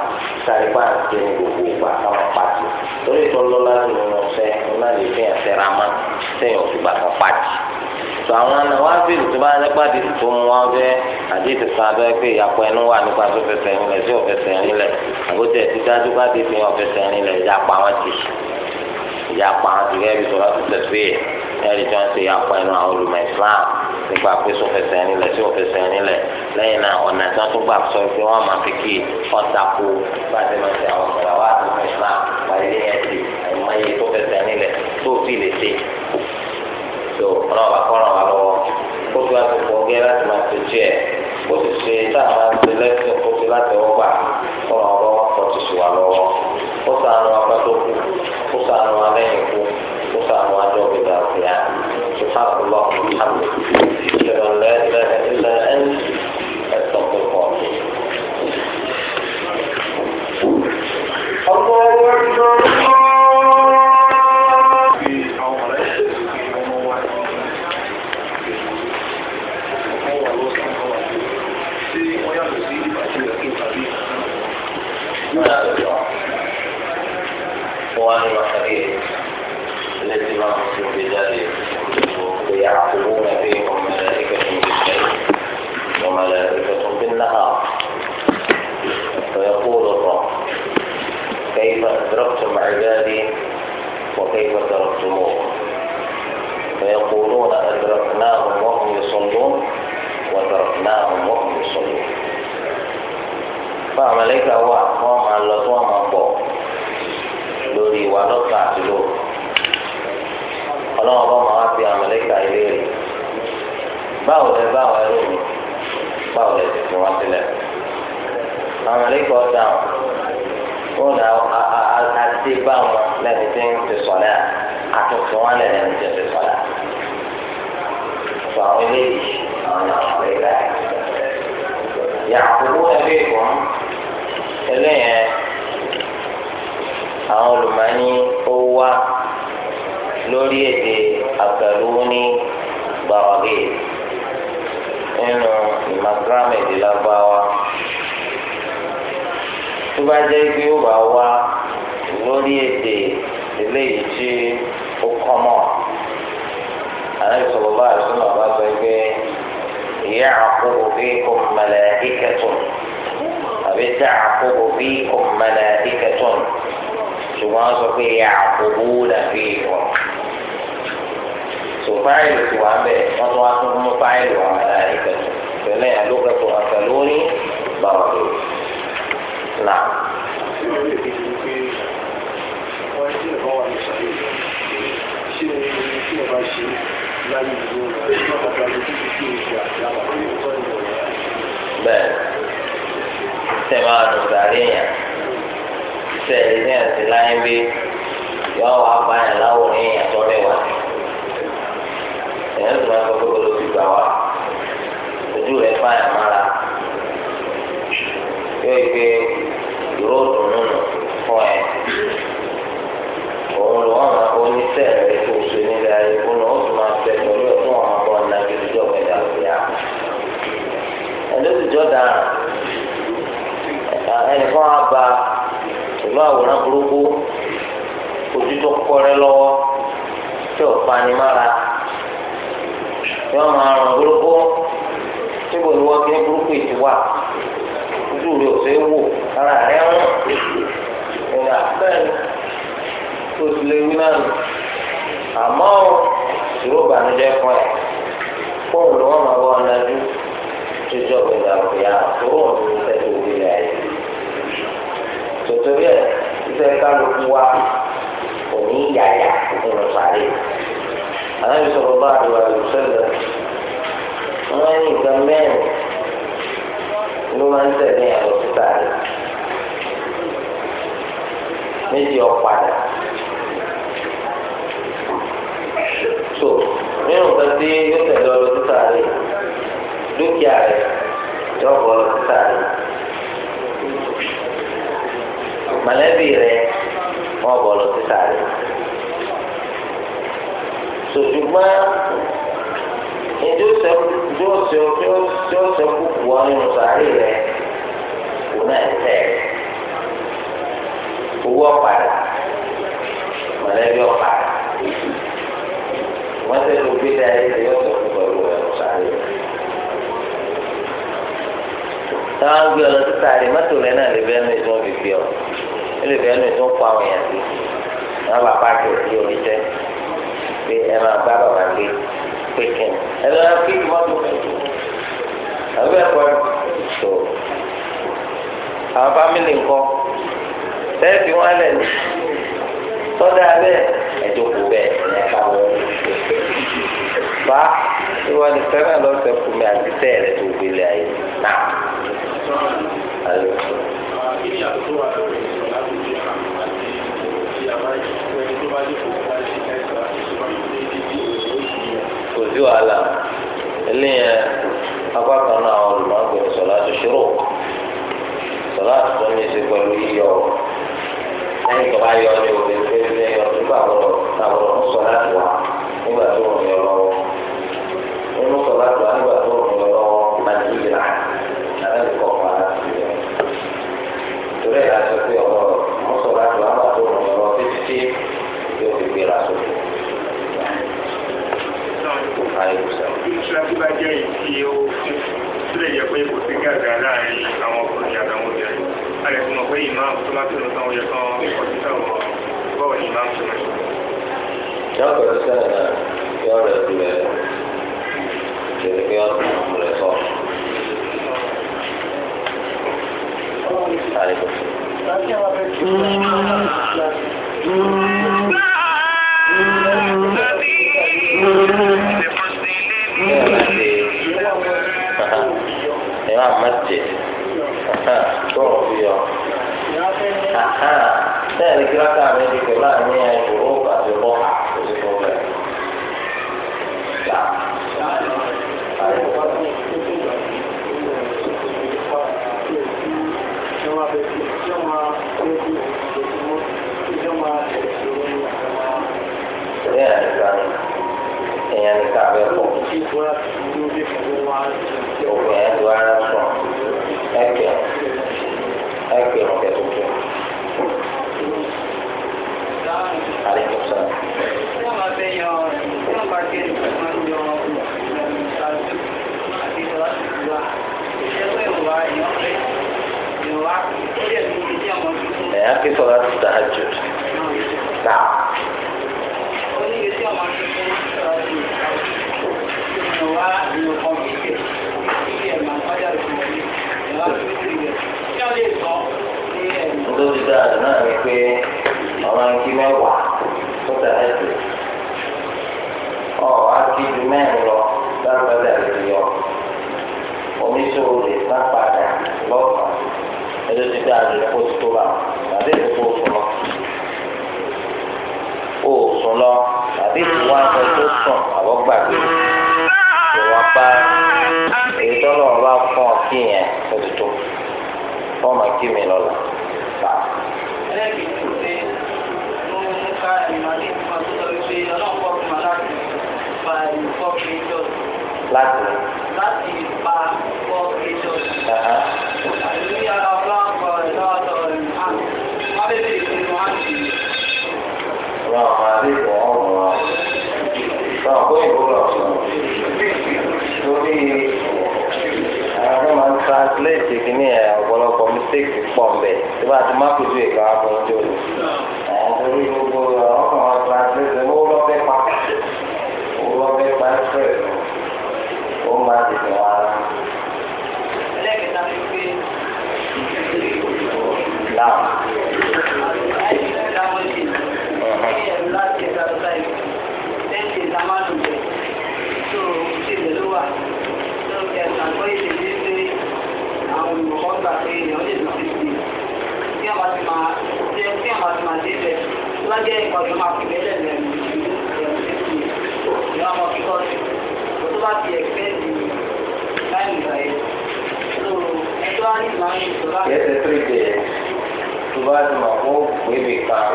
sáré bá ń gbogbo ìgbà káwọn pàtì torí ìtọ́lọ́lá ni mo fẹ́ ọ̀nà lè fi hàn sẹ́ra mọ́ sẹ́yìn òṣùgbà kan pàtì sọ àwọn nàwáfíìlì tó bá nípa àdìsí tó mú wọn bẹ àdìsí kan abẹ pé ìyàpọ̀ ẹnu wà nípa tó fẹsẹ̀ rinlẹ̀ sí ọ̀fẹsẹ̀ rinlẹ̀ àbótẹ́ ti dájú bá dé fi ọ̀fẹsẹ̀ rinlẹ̀ ìyàpọ̀ àwọn ti ìyàpọ̀ àwọn ti gẹ́gẹ́ bí sọ̀rọ̀ àti tẹ̀síwì ẹ̀rí tí wọ́n ti ìyàpọ̀ ẹnu àwọn olùmọ̀ Islam nípa pé sọ̀fẹsẹ̀ rinlẹ̀ sí ọ̀fẹsẹ̀ rinlẹ̀ lẹ́yìn náà ọ̀nà tí tó tó ọlọ́wọ́ akọ́ràn wa lọ́wọ́ kó tó láti fọ gẹ́ láti máa ṣe díẹ̀ kó sì ṣe tá a máa ṣe lẹ́sìn kó tó láti ọgbà ọ̀ràn ọlọ́wọ́ kó ti ṣùwà lọ́wọ́ kó sànù apá tó kù kó sànù alẹ́ yẹn kú kó sànù adó gbèdà òkèèyà سبحانك اللهم وبحمدك اشهد ان لا اله الا انت استغفرك واتوب الله اكبر الإخوان وحبيبهم الذي ما قصوا بذلك ويعقلون فيهم ملائكة بالليل وملائكة بالنهار فيقول الله كيف أدركتم عبادي وكيف تركتموهم فيقولون أدركناهم وهم يصلون وتركناهم وهم يصلون فعمليك هو أقوام على طوام أبوه lórí wa lọ́tọ̀ àti lò ọlọ́wọ́n bá máa fi àmọ̀lẹ́kà ìbéèrè báwo lẹ báwo ẹ lómi báwo lẹ ti fi wọn sílẹ̀ àmọ̀lẹ́kà ọ̀dà wọn náà àti báwọn lẹ́ni tí ń ti sọ̀lẹ́ àtúntò wọn lẹ́ni tí ń ti sọ̀lẹ́ sọ àwọn eléyìí àwọn àmọ̀lẹ́kà yàtọ̀ ẹgbẹ́ kan ẹlẹ́yìn àwọn olùmọ̀ọ́ni ó wá lórí èdè àgbàlóní gbàwàgé nínú ìmàgírámù èdè lágbáwá tó bá jẹ́ pé ó bá wá lórí èdè eléyìí tí ó kọ́ mọ́ àwọn ìṣòro bá àìsàn àbá sọ pé ìyá àkókò fi kò mẹlẹ ìkẹtùn àbí tá àkókò fi kò mẹlẹ ìkẹtùn ṣùgbọ́n wọ́n sọ pé àkókò dàbí ìwọ̀ tó fáìlì tó wà bẹ́ẹ̀ wọ́n tún wá tún mú fáìlì wà wọ́n láàrin pẹ̀lú pẹ̀lú àlókẹ́kọ̀ọ́ àtàlórí bàbá rẹ̀ nà. bẹ́ẹ̀ tẹ́ máa lọ sàárẹ̀ yẹn sẹ́ẹ̀lì ní àti láyé bí yọ wà báyà láwòrán yẹn àtọ́ rẹ̀ wá. ẹ̀yẹ́ tó máa sọ pé olóò ti gbà wá ojú rẹ̀ báyà mára yóò yí pé ìró òdùnnú nù fún ẹ. òun ló wọn máa ní sẹ́ẹ̀lì tó ṣe nílẹ̀ ayé kó náà ó sì máa tẹ̀ pẹ̀lú ẹ̀ àwọn ọmọ náà kí ìjọ pẹ̀lú àgbéyà. ti jọ́ dáa ẹnìkan á ba pẹ̀lú àwòrán burúkú ojú tó kọ́rẹ́ lọ́wọ́ tí ò fani mára yọ máa ràn burúkú síbò ni wọ́n gbé burúkú yìí wà ojú rẹ̀ ò fẹ́ wò ara rẹ̀ ń ìrìn àfẹ́ni tó ti lè wí náà àmọ́ ìró ìbànújẹ́ fún ẹ̀ fóònù wọn máa wọ ọ̀nà ju jíjọ ìdàgbé àtòwò ní ìfẹ́ tó tòtòrí ẹ̀ iṣẹ́ kálukú wa kò ní yàyà nínú sáré. àwọn ìṣòro bá àdúrà lè ṣẹlẹ̀ wọ́n ní nǹkan mẹ́rin ló máa ń tẹ̀lé ẹ̀rọ títà rẹ̀ méjì ọ̀padà. so nínú nǹkan tí yóò tẹ̀lé ọ̀rọ̀ títà rẹ̀ dúkìá rẹ̀ yóò ọ̀rọ̀ títà rẹ̀ mọ̀lẹ́bí rẹ̀ wọ́n bọ̀ lọ sí sáré sòṣùgbọ́n ìdí ọ̀sẹ̀ ìdí ọ̀sẹ̀ ìdí ọ̀sẹ̀ kúkú wọn nínú sáré rẹ̀ kò náà tẹ̀ owó ọ̀padà mọ̀lẹ́bí ọ̀padà wọ́n tẹ̀ ló gbé dáa ìdí ọ̀sẹ̀ kúkú wọn nínú sáré rẹ̀ táwọn gbé ọ lọ sí sáré mọ́tò náà lè bẹ́ẹ̀ ní ìjọba ìgbé ọ ilé ìfẹ́ nù tó ń kó àwọn èèyàn sí wọn bàbá àti òbí oníṣẹ́ pé ẹ máa bá bàbá gbé pé kẹ́ni ẹ lọ́la kí mọ́tò mẹ́tò àbí ẹ̀kọ́ tó àwọn fámìlì ńkọ́ bẹ́ẹ̀ fi wọ́n lẹ̀ ní sọ́dọ̀ abẹ́ ẹ̀dọ́kù bẹ́ẹ̀ ẹ̀ka wọ́n fa ìwọ ni fẹ́ràn lọ́sẹ̀ fún mi àti tẹ́ ẹ̀rẹ́ tó gbélé ayé náà. kò sí wàhálà eléyẹn apá kan náà àwọn olùmọ̀ọ́gbẹ̀ sọ̀rọ̀ àti ṣòro sọ̀rọ̀ àti tó ní í ṣe pẹ̀lú yíyọ ẹni tó bá yọ ní òde pé ní ẹyọ tó bá wọ àwòrán sọ̀rọ̀ àti wà nígbà tó wọ̀ ní ọlọ́wọ́ nínú sọ̀rọ̀ àti wà nígbà tó. mọ́ṣáláṣí Mm-hmm. mm-hmm. masjid tó ń fi ọ. bẹ́ẹ̀ ni kíláàsì àmì ti pẹ̀lú àmì ìṣòro àti bọ́ àti bọ́ bẹ́ẹ̀. Yeah, exactly èèyàn ní káfẹ́ pọ̀. Òkè ẹ̀dùn ara ẹ̀yà kí sọ̀rọ̀ àti tàájù náà. Nítorí dáadáa náà ni pé ọmọ nkí mẹ́wàá tó tàájù ọ̀ á ju mẹ́rin lọ lágbàdà ìdíyọ̀ oníṣòwò lè má padà lọ́kàn ẹjọ́ ti dá lè kó tó bá tàbí ìkókó sùn lọ. ó sùn lọ tàbí ìwà ẹ̀fọ́ tó sùn àbọ̀ gbàgbé ìwà bá èyí tọ́lọ̀ bá fún ọ kí yẹn ó ti tó fọ́ọ̀mù kí mi lọ́la. láti láti pa population. Àìní ara ọlọ́run kọ ìlọ́ọ̀dọ̀ ìhàmù. Wọ́n lè fi ìpinnu wá sí i. Wọ́n máa dé ìwọ̀n ọ̀rọ̀ wa. Báwo kó ìwúrọ̀ ọ̀sán? Torí àwọn máa ń translate kìíní ẹ̀ ọ̀pọ̀lọpọ̀ mistake pọ̀ mbẹ̀. Tí wọ́n ti má kojú ìkàwé fún ọjọ́ òní. tí ẹ tí àwọn àti màá dé ibẹ̀ tó bá jẹ́ nǹkan tó máa fi lẹ́lẹ̀ lẹ́nu ìlú ọmọ kíkọ́ sí tó bá ti ẹ̀fẹ́ di láì ìgbà yẹn tó ẹjọ́ á ní ìlànà ìjọba. yẹ́sẹ̀ tó ìjẹ́ tó bá ti mọ̀ fún pébì kan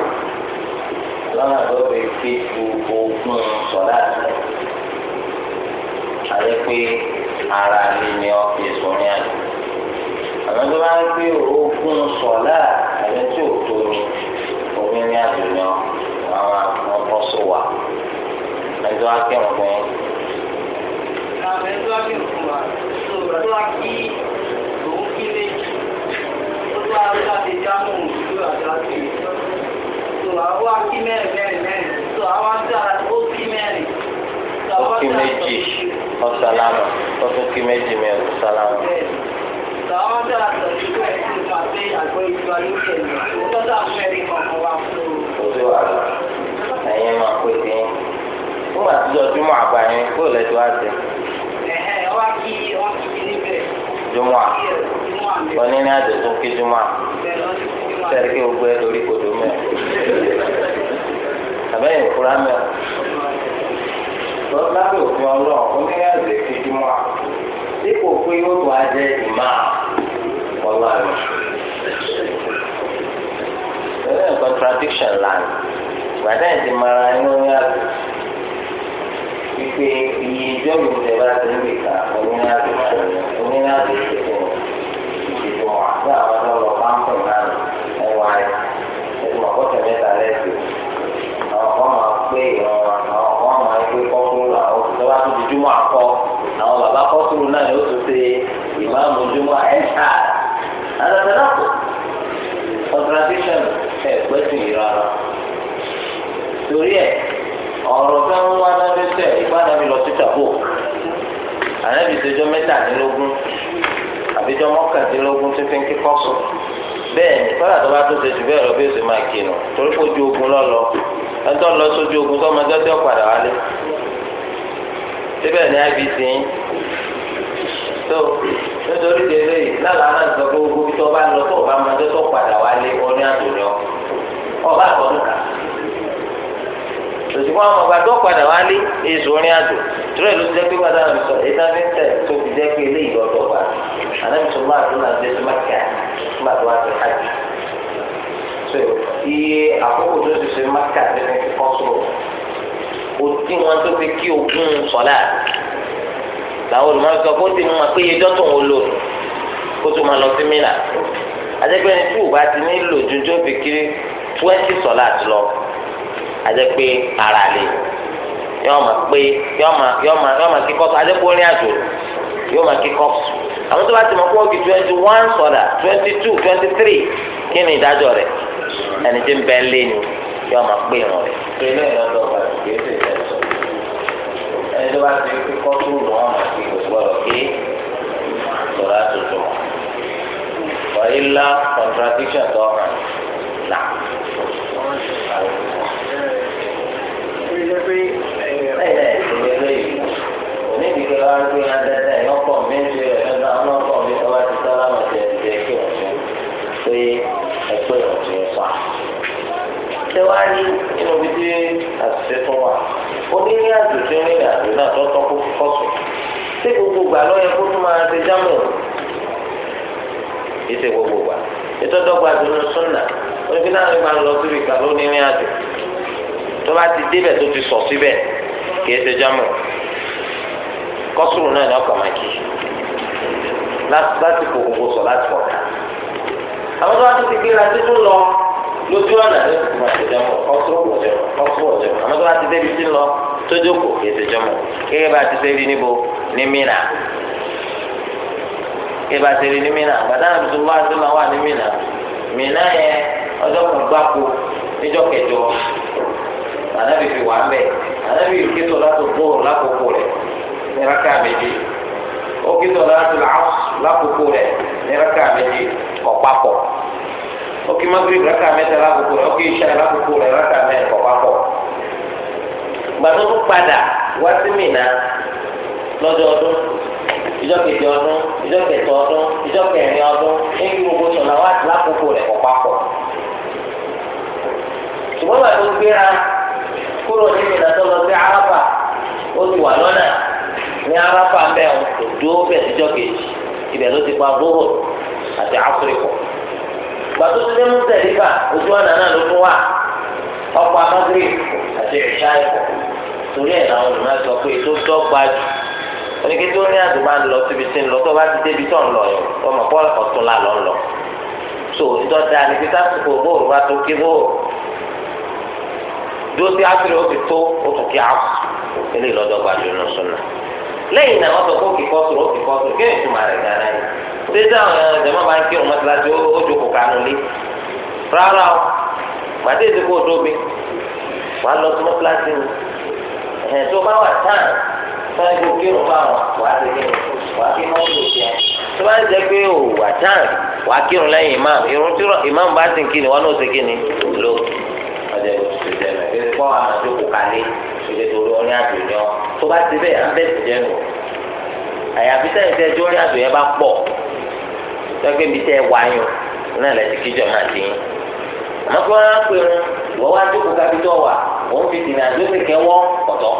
lọ́nà tó fi fi ogún sọ̀dá sílẹ̀ àti pé ara ni ni ọ́ fi sùn ní àná. àwọn tó bá ń gbé ogún sọ̀dá ẹni tí ò tó ni omi ní àdùnnà àwọn àwọn bọ́ sọ wà ẹjọ́ akẹ́wọ̀n fún yín. àwọn ẹjọ́ akẹ́wọ̀n fún wa tó tó a kí òun kí méjì tó tó a láti dáhùn òṣèlú àdáṣe tó àwọn akí mẹ́rin mẹ́rin mẹ́rin tó àwọn ọ̀sálámà ó méjì mẹ́rin ọ̀sálámà àwọn ọjọ́ àtọ̀jú pé ẹ̀sìn nípa pé àgbọ̀ ìjọba ló tẹ̀lé ìtọ́jú àwọn ẹ̀rí kọ̀ọ̀kan wá fún un. ojú wa ẹ̀yin máa pè sí i fún àtijọ́ júmọ̀ àgbà yẹn kó lè tó àjẹ. ẹ̀hẹ̀ wá kí wọ́n kí kí níbẹ̀. júmọ̀ wọn ní ní àjọ tó kí júmọ̀ sẹ́rí kí gbogbo ẹ̀ lórí kodò mẹ́ àbẹ́yìn ìfura mẹ́ lọ́sàbẹ̀ òfin ọlọ́run ó ní àjọ kí júmọ̀ dípò pé yóò tó àjẹ ìmáà lọ́wọ́ rẹ̀ lórí contradiction land gbàdá ìdí mara ní oní àgbẹ̀ wípé iye ìjọ ìwé bá ti ń bìkà oní àgbẹ̀ oní àgbẹ̀ ìṣètò àti àwọn ọlọ́pàá ń pè náà. ọ̀rọ̀ tó ń wá lábẹ́ tẹ̀ ìgbà nàbí lọ sí tàbó ànábì ìṣèjọ́ mẹ́tàdínlógún àbíjọ́ mọ́kàndínlógún tó fi ń kíkọ́ sùn bẹ́ẹ̀ ni kọ́lá tó bá tó ṣe jù bẹ́ẹ̀ lọ bí ó ṣe máa kí nù torí kó ju ogun lọ lọ ẹjọ́ lọ sójú ogun tó máa dọ́tí ọ̀padà wálé síbẹ̀ ní ibc yín tó nítorí délé yìí lálàá náà sọ pé gbogbo tó bá lọ tó bá máa dọ́tí ọ̀padà wálé ọ ní òṣùwọ́n àwọn ọ̀gbà tó padà wá lé èso orin àjò tìrọ̀ ìlú jẹ́ pé padà sọ ètò fíntẹ̀ tó fi jẹ́ pé ilé ìlú ọ̀dọ̀ wa ànábi tó máa tó náà dé sí mákà nígbà tó wá sí hajj so iye àkókò tó ti ṣe mákà nínú kọ́sùrù òtí wọn tó fi kí ogún sọ̀lá làwọn olùmọ̀ọ́sọ kó ti mọ̀ pé ìjọ tó ń lò kó tó máa lọ sí mìíràn àdẹ́gbẹ́ni tí ò bá ti nílò ju tó fi kiri twenty sọ̀lá àti lọ ajẹ́ pé ara lè yọ ma pé yọ ma yọ ma yọ ma kíkọ́ sọ ajẹ́ pé orin àjò yọ ma kíkọ́ sùn àwọn tó bá ti mọ̀ pé ó di twenty one sọ̀dà twenty two twenty three kí ni ìdájọ́ rẹ̀ ẹni tí ń bẹ́ lé ni yọ ma pé ìrùn rẹ̀. ṣé ilé ìdájọ́ ọ̀gá ìgbésẹ̀ ìdájọ́ ẹni tó bá ti kíkọ́ sùn lọ́wọ́ àmọ́ kí kò gbọ́dọ̀ ilá contradiction tó hàn jẹ́ pé ẹ̀yẹ eh, eh, ìṣẹ̀lẹ̀ lẹ́yìn òní ìdíkẹ́ wa ń gbé adájá ẹ̀yọ́ pọ̀ ń ṣe ẹ̀yọ́ náà ọ̀nà pọ̀ mí ọba ti sára mà jẹ́ ẹ̀jẹ̀ kí ọ̀sẹ̀ pé ẹ̀pẹ́ ọ̀sẹ̀ fà. ṣé wàá ní inú bí tí àṣìṣe fún wa ó ní ní àjò ní àjò náà tó tọ́ kó fọ́sùn ṣé gbogbo gbà lọ́yẹ kó tún máa ṣe jámọ̀ ìṣe gbogbo gbà ètò ọdọ́gba àdúró súnà tó bá ti débẹ̀ tó ti sọ̀ síbẹ̀ kìí ṣe jámù kọ́sùrù náà ní ọkọ̀ máa kì í lásìkò gbogbo sọ láti pọ̀ ká àwọn tó bá ti ti gbéra títú lọ lójú ọ̀nà ní ọkọ̀ máa ṣe jámù kọ́sùrù ọ̀jọ̀ kọ́sùrù ọ̀jọ̀ àwọn tó bá ti débi tí lọ tó jókòó kìí ṣe jámù kéèké bá ti ṣe rí níbo ní mìíràn ìbá tẹ̀lé ní Mínà gbàdánù tuntun bá tẹ̀lé wà ní Mínà Mínà yẹn ọjọ́ kan gbáko níjọ́ kẹjọ anabi fi wà mbẹ anabi yìí kétò láti bóòrò lákòókò rẹ níraka méjì ó kétò láti làásù lákòókò rẹ níraka méjì ọ̀pápọ̀ ó kí magrib raka mẹ́ta lákòókò rẹ ó kí isha lákòókò rẹ raka mẹ́ta ọ̀pápọ̀ gbàdúrà tó padà wá sí Mínà lọ́jọ́ ọdún ìjọ kejì ọdún ìjọ kẹtọ ọdún ìjọ kẹrin ọdún ẹni gbogbo sọ̀nà wá lákòókò rẹ̀ kọ̀ papọ̀. ṣùgbọ́n bàtà ó gbéra kúrò nínú ìdádọ́lọ sí arábà ó ti wà lọ́nà ní arábà bẹ́ẹ̀ kò dúró bẹ́ẹ̀ síjọ́ kejì ibẹ̀ ló ti pa bóhò àti áfíríkọ̀ gbàtó ti dé mùsẹ̀lífà ojú ọ̀nà náà ló tún wà ọkọ̀ amagre àti ìṣá ẹ̀kọ́ torí ẹ̀ làwọn olùmọ̀ sọ pé tó dọ́gba jù oníke tó ní àdùmá lọ síbi tí ń lọ tó bá ti débi tó ń lọ ọmọ bọ́ọ̀lù ọ̀tún là lọ́ ń lọ so ìtọ́jà ní pé sásìkò bóòrù bá tó kí bóòrù dúró sí asiri ó ti tó ó tún kí asu eléyìí lọ́dọ̀ gba jù nínú sunna lẹ́yìn náà wọ́n sọ fún kíkọ́ sùn ó kíkọ́ sùn kí ni ìtumọ̀ rẹ̀ gánà yìí ṣéjà ọ̀yàn jẹ̀mọ́ máa ń kí ọmọ ti láti ó jókòó kánú lé rárá o pàdé ìdíkò òdóbi wà á lọ sí mọ́tíláṣí ni ẹ̀ tó bá wà tán sọ́yìn kò kí ọba wà á lè ní wà á kí wọ́n lò jẹ́ tó bá ń jẹ́ pé ò wà tán wà á kírun lẹ́yìn imam irun tí imam bá ti ń kí ni wọ́n náà ó ti kí ni lò ọjọ́ ìṣòṣè jẹnu ẹ̀ kí wọ́n àwọn àti òkú kalẹ̀ ìṣòṣè torí ọ ní àjò yẹn tó bá ti bẹ́ẹ̀ à ń bẹ́ẹ̀ sì jẹnu àyàfi sẹ́yìn tẹ́ ẹjọ́ rí àjò yẹn bá pọ̀ lọ́gbẹ́ mi tẹ́ ẹ wáyọ̀ náà lẹ́sìn kíjọ máa ti àmọ́ kí wọ́n á pè wọn ìwọ́ wá jókòó kábítọ̀ wà òun fi dìnnà àjọṣe kẹwọ́ ọ̀tọ̀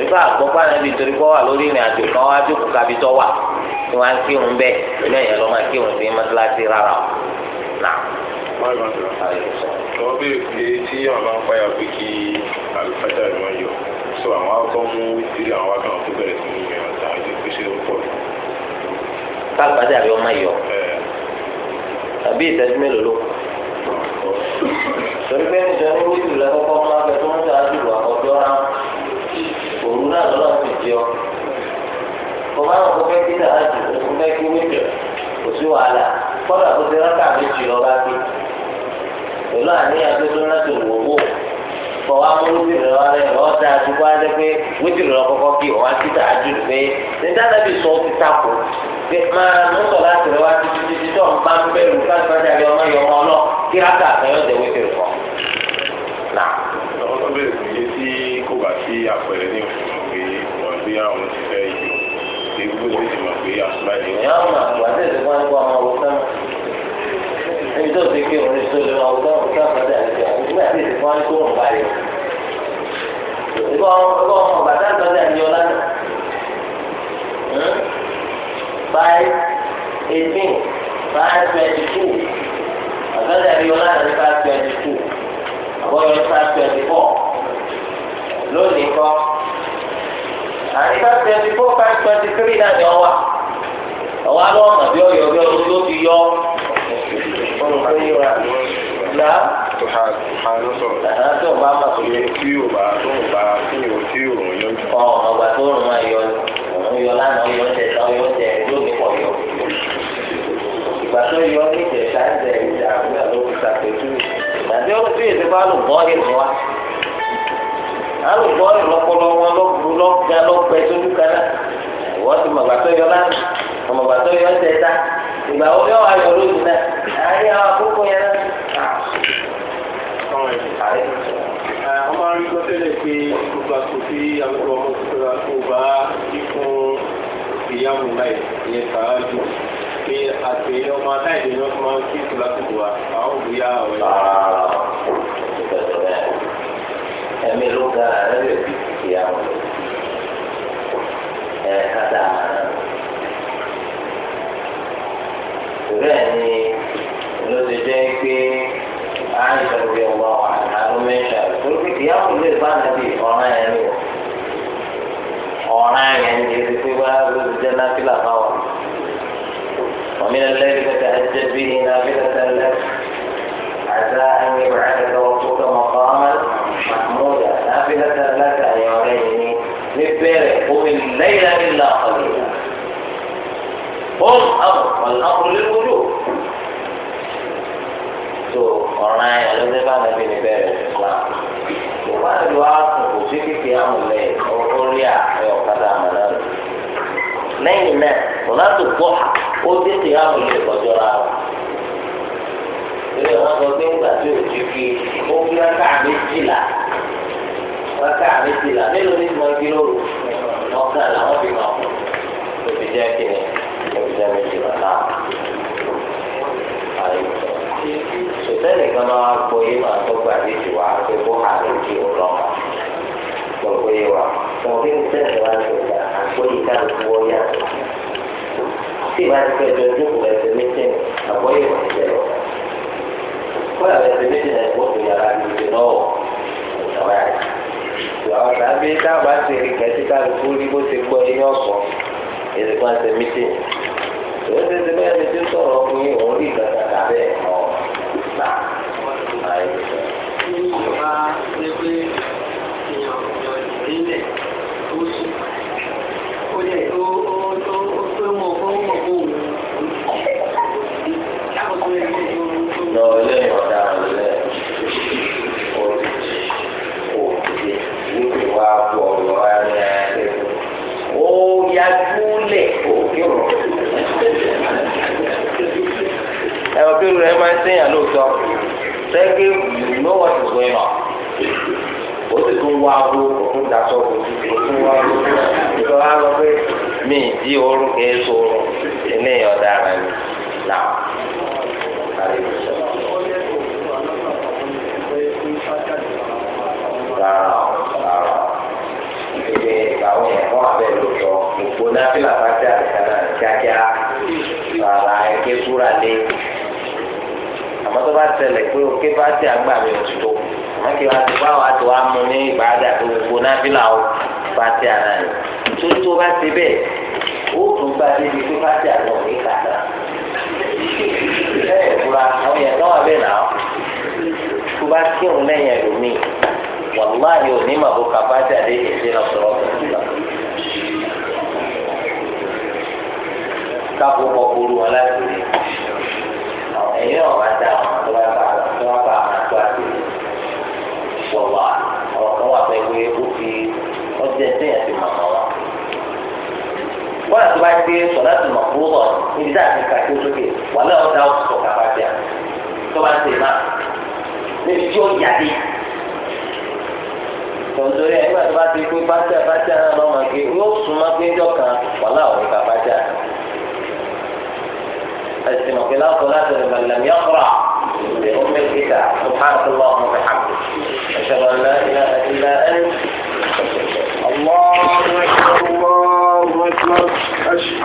ìfẹ́ àgbọ̀pá nàbí torí kọ́ wà lórí ìrìn àjò kan wá jókòó kábi tọ́ wà tí wọ́n á kí òun bẹ́ẹ̀ ilé ẹ̀yẹ lọ́ máa kí òun sí mọ́tíláṣí rárá o. wọ́n béèrè pé tí àwọn máa ń fàyà pé kí àlùfáàjà rẹ̀ yọ so àwọn akọ́ mú ìdílé àwọn wákàn tó bẹ̀rẹ̀ sí ní ìrìn àjò àti ìpèsè ó pọ̀ jù. káàpájà rẹ̀ máa yọ tàbí ìtẹ́jú mélòó ló torí pé nítorí wíìlù lẹ́kọ́kọ́ máa bẹ tó ń ta àdúgbò àkọ́jọ́ náà náà lọ́nà ń pèsè ọ. mo máa ń fẹ́ kí náà láti kó fẹ́ kí wíńdò kò sí wàhálà kọ́dà kó ti rákà méjì lọ bá gbé. pẹ̀lú àníyàn tó tó náà tó wò wò kọ́ wa mú wíńdò lọ rẹ̀ lọ́wọ́ tá a ti wá lé pé wíńdò lọ kọ́kọ́ kí wọ́n á ti tà á jù pé níta náà bí sọ ti takò máa ń sọ láti rẹ wá títí títí tó ń bá ń bẹ̀rù káàkiri tó fi mọ̀ pé àsùbá ni. ìyá àwọn àgbà tẹ̀ sí wọn kó àwọn ọ̀gá ẹni tó ti ké òun tó lè ọ̀gá ọ̀gá àgbàdà àti àwọn ìgbà tẹ̀ sí wọn kó ọ̀gá yẹ. ìgbà ọmọ hmm? eighteen five twenty two àgbàdà ni ọ̀la twenty two àbọ̀yọ̀ five twenty four lónìí kọ́ àyíká twenty four five twenty three náà ni ọwà ọwà lọ ọmọ bí ọyọ bí ọdún ló ti yọ. Nà àti ọba bá tó yẹ kí o bá tó o bá kí o tí o rùn yọ. Ọ ọgbà tó rùn máa yọ òun yọ lánàá yọ ọjẹ náà yọ ọjẹ ló ní pọ̀ yọ. Ìgbà tó yọ ní ìjẹ̀ta ìjẹ̀ ìjà àbúrò ló ti ṣàpèjú. Ìgbà tí ó ti ìdíbàlù bọ́ọ̀lù wa alùpùpù ọ̀rìn lọ́pọ̀lọ́ wọn lọ́gbẹ lọ́gbẹ sójú kaná ìwọ́n ti mọ̀gbà tó yọ lánàá ọmọgbà tó yọ ọ̀sẹ̀ ta ìgbà wo yọ ayọ̀ lójú náà ayé àwọn àkókò yẹn náà. wọ́n máa ń rí gbọ́tẹ́lẹ̀ pé gbogbo àpò tí alùpùpù ọmọ tuntun ra kó bá kíkún ìyàwó láì ìyẹn sàájú pé àti ọmọ aláìlẹ́yìn wọn máa ń kí àwọn ẹ̀mí ló ga ẹ̀mí òbí ti àwọn ẹ̀ kátà àná. bẹ́ẹ̀ ni ló ti jẹ́ pé àìsàn òbí ọ̀gbà àlọ́ mẹ́ta torí pé kìí àwọn ilé ìfá nàbí ọ̀ràn yẹn ni ọ̀ràn yẹn ni èsì pé bá ló ti jẹ́ náfìlà fáwọn. ومن الليل فتهجد به نافلة لك عسى أن يبعثك ربك مقاما fi hẹ́tà láti àyàn ọ̀rẹ́ yìí ní níbẹ̀rẹ̀ omi lẹ́yìn àdínlá ọ̀rẹ́ yìí. Bọ́ọ̀m àbọ̀ ọ̀nà ọ̀rẹ́ wúlò. Tó ọ̀ràn ayọ̀ ló fẹ́ bá nàbí níbẹ̀rẹ̀ ìgbà. Tó bá lù á kùn kò sí kéèké àmúlẹ̀ orí àfẹ́ ọ̀kadà àmàlà rẹ̀. Lẹ́yìn náà, ọ̀nà tó gbọ́ ó tètè àmúlẹ̀ ìkọjọ́ ra rẹ̀ ìwé sọ pé nígbà tí o rákà méjìlá mélòó ní mọ igi lóru ọkàn làwọn fi mọ òbí jẹ kìnnì òbí jẹ méjìlá náà àyè sọtẹ́nì kan máa gbọ́ yé máa tó gbà bí ti wá pé kó àrùn kí o lọ lọ pé yé wa wọn bí mo sẹ́nì wá ní ìgbà àgbóyè kálukú wọ́n yàtọ̀ tí ìbá ti pẹ́jọ jókòó ẹsẹ̀ méjì àgbóyè wọ̀ ẹsẹ̀ lọ kó ẹsẹ̀ méjì náà ìgbókòó yàrá ìgbésẹ̀ lọ́wọ́ ìjọba yàrá. tó àwọn dábàá ti rí kẹ́sí kálukú rí ti gbọ́ inú ọ̀pọ̀ èdè kan mítìn tó ń tètè bẹ́ẹ̀ ni tí ń sọ̀rọ̀ fún yín òun rí ìgbà kàkà bẹ́ẹ̀ ọ̀ nà àyè. Lọ pé rẹ̀ máa ń sẹ́yìn lóòótọ́ sẹ́kẹ́ you know what is going on ó sì tún wá owó òtún dasọ òtún òtún wá owó ìtọ́ wa lọ pé mi ì di oorun kì í so oorun eléyìí ọ̀daràn ni náà kárí mi sọ. rárá rárá ìpèsè ìgbàwọ̀ yẹn fún abẹ́ lóòótọ́ òpó náà fi làbájá àti kíákíá rárá ẹ̀kẹ́ kúrà àmọ́ tó bá tẹlẹ̀ pé òkè bá ti àgbà mi ò tó àmọ́ kí wàá ti báwa tó wàá mú ní ìbáradà tó gbogbo náà fi là ó bá ti àná rẹ̀ tó tó bá ti bẹ́ẹ̀ ó tún bá débi pé bá ti àná òní kàdá bẹ́ẹ̀ fura àwọn yẹn náà bẹ́ẹ̀ náà tó bá kí òun lẹ́yìn ẹlòmíì wàlúwàá yóò ní màbó kàbá tí àdé ìṣe náà sọ̀rọ̀ káàbọ̀ kúrú wọn láti ẹ̀yin ọ̀bá dá àwọn àtọ́wá bá àtọ́wá bá àwọn àtọ́ àti ìṣọ̀wà ọ̀rọ̀ kan wà pé pé ó fi ọjọ́ ẹ̀sẹ̀ yẹn ti màmá wa. wọ́n àti wáyé pé sọ̀dá ti mọ̀ fún bọ̀ níbi tá a ti ka tó sókè wà lẹ́wọ̀n dá ọ̀sọ̀ kàfà bíà tó bá ń tè náà níbi tí ó yà dé. tòǹtòrí ẹgbẹ́ tó bá ti pé bá tẹ̀ bá tẹ̀ náà lọ́mọ أجسمك لا صلاة لمن لم يقرأ بأم الكتاب سبحانك اللهم وبحمدك أشهد أن لا إله إلا أنت الله أكبر الله أكبر أشهد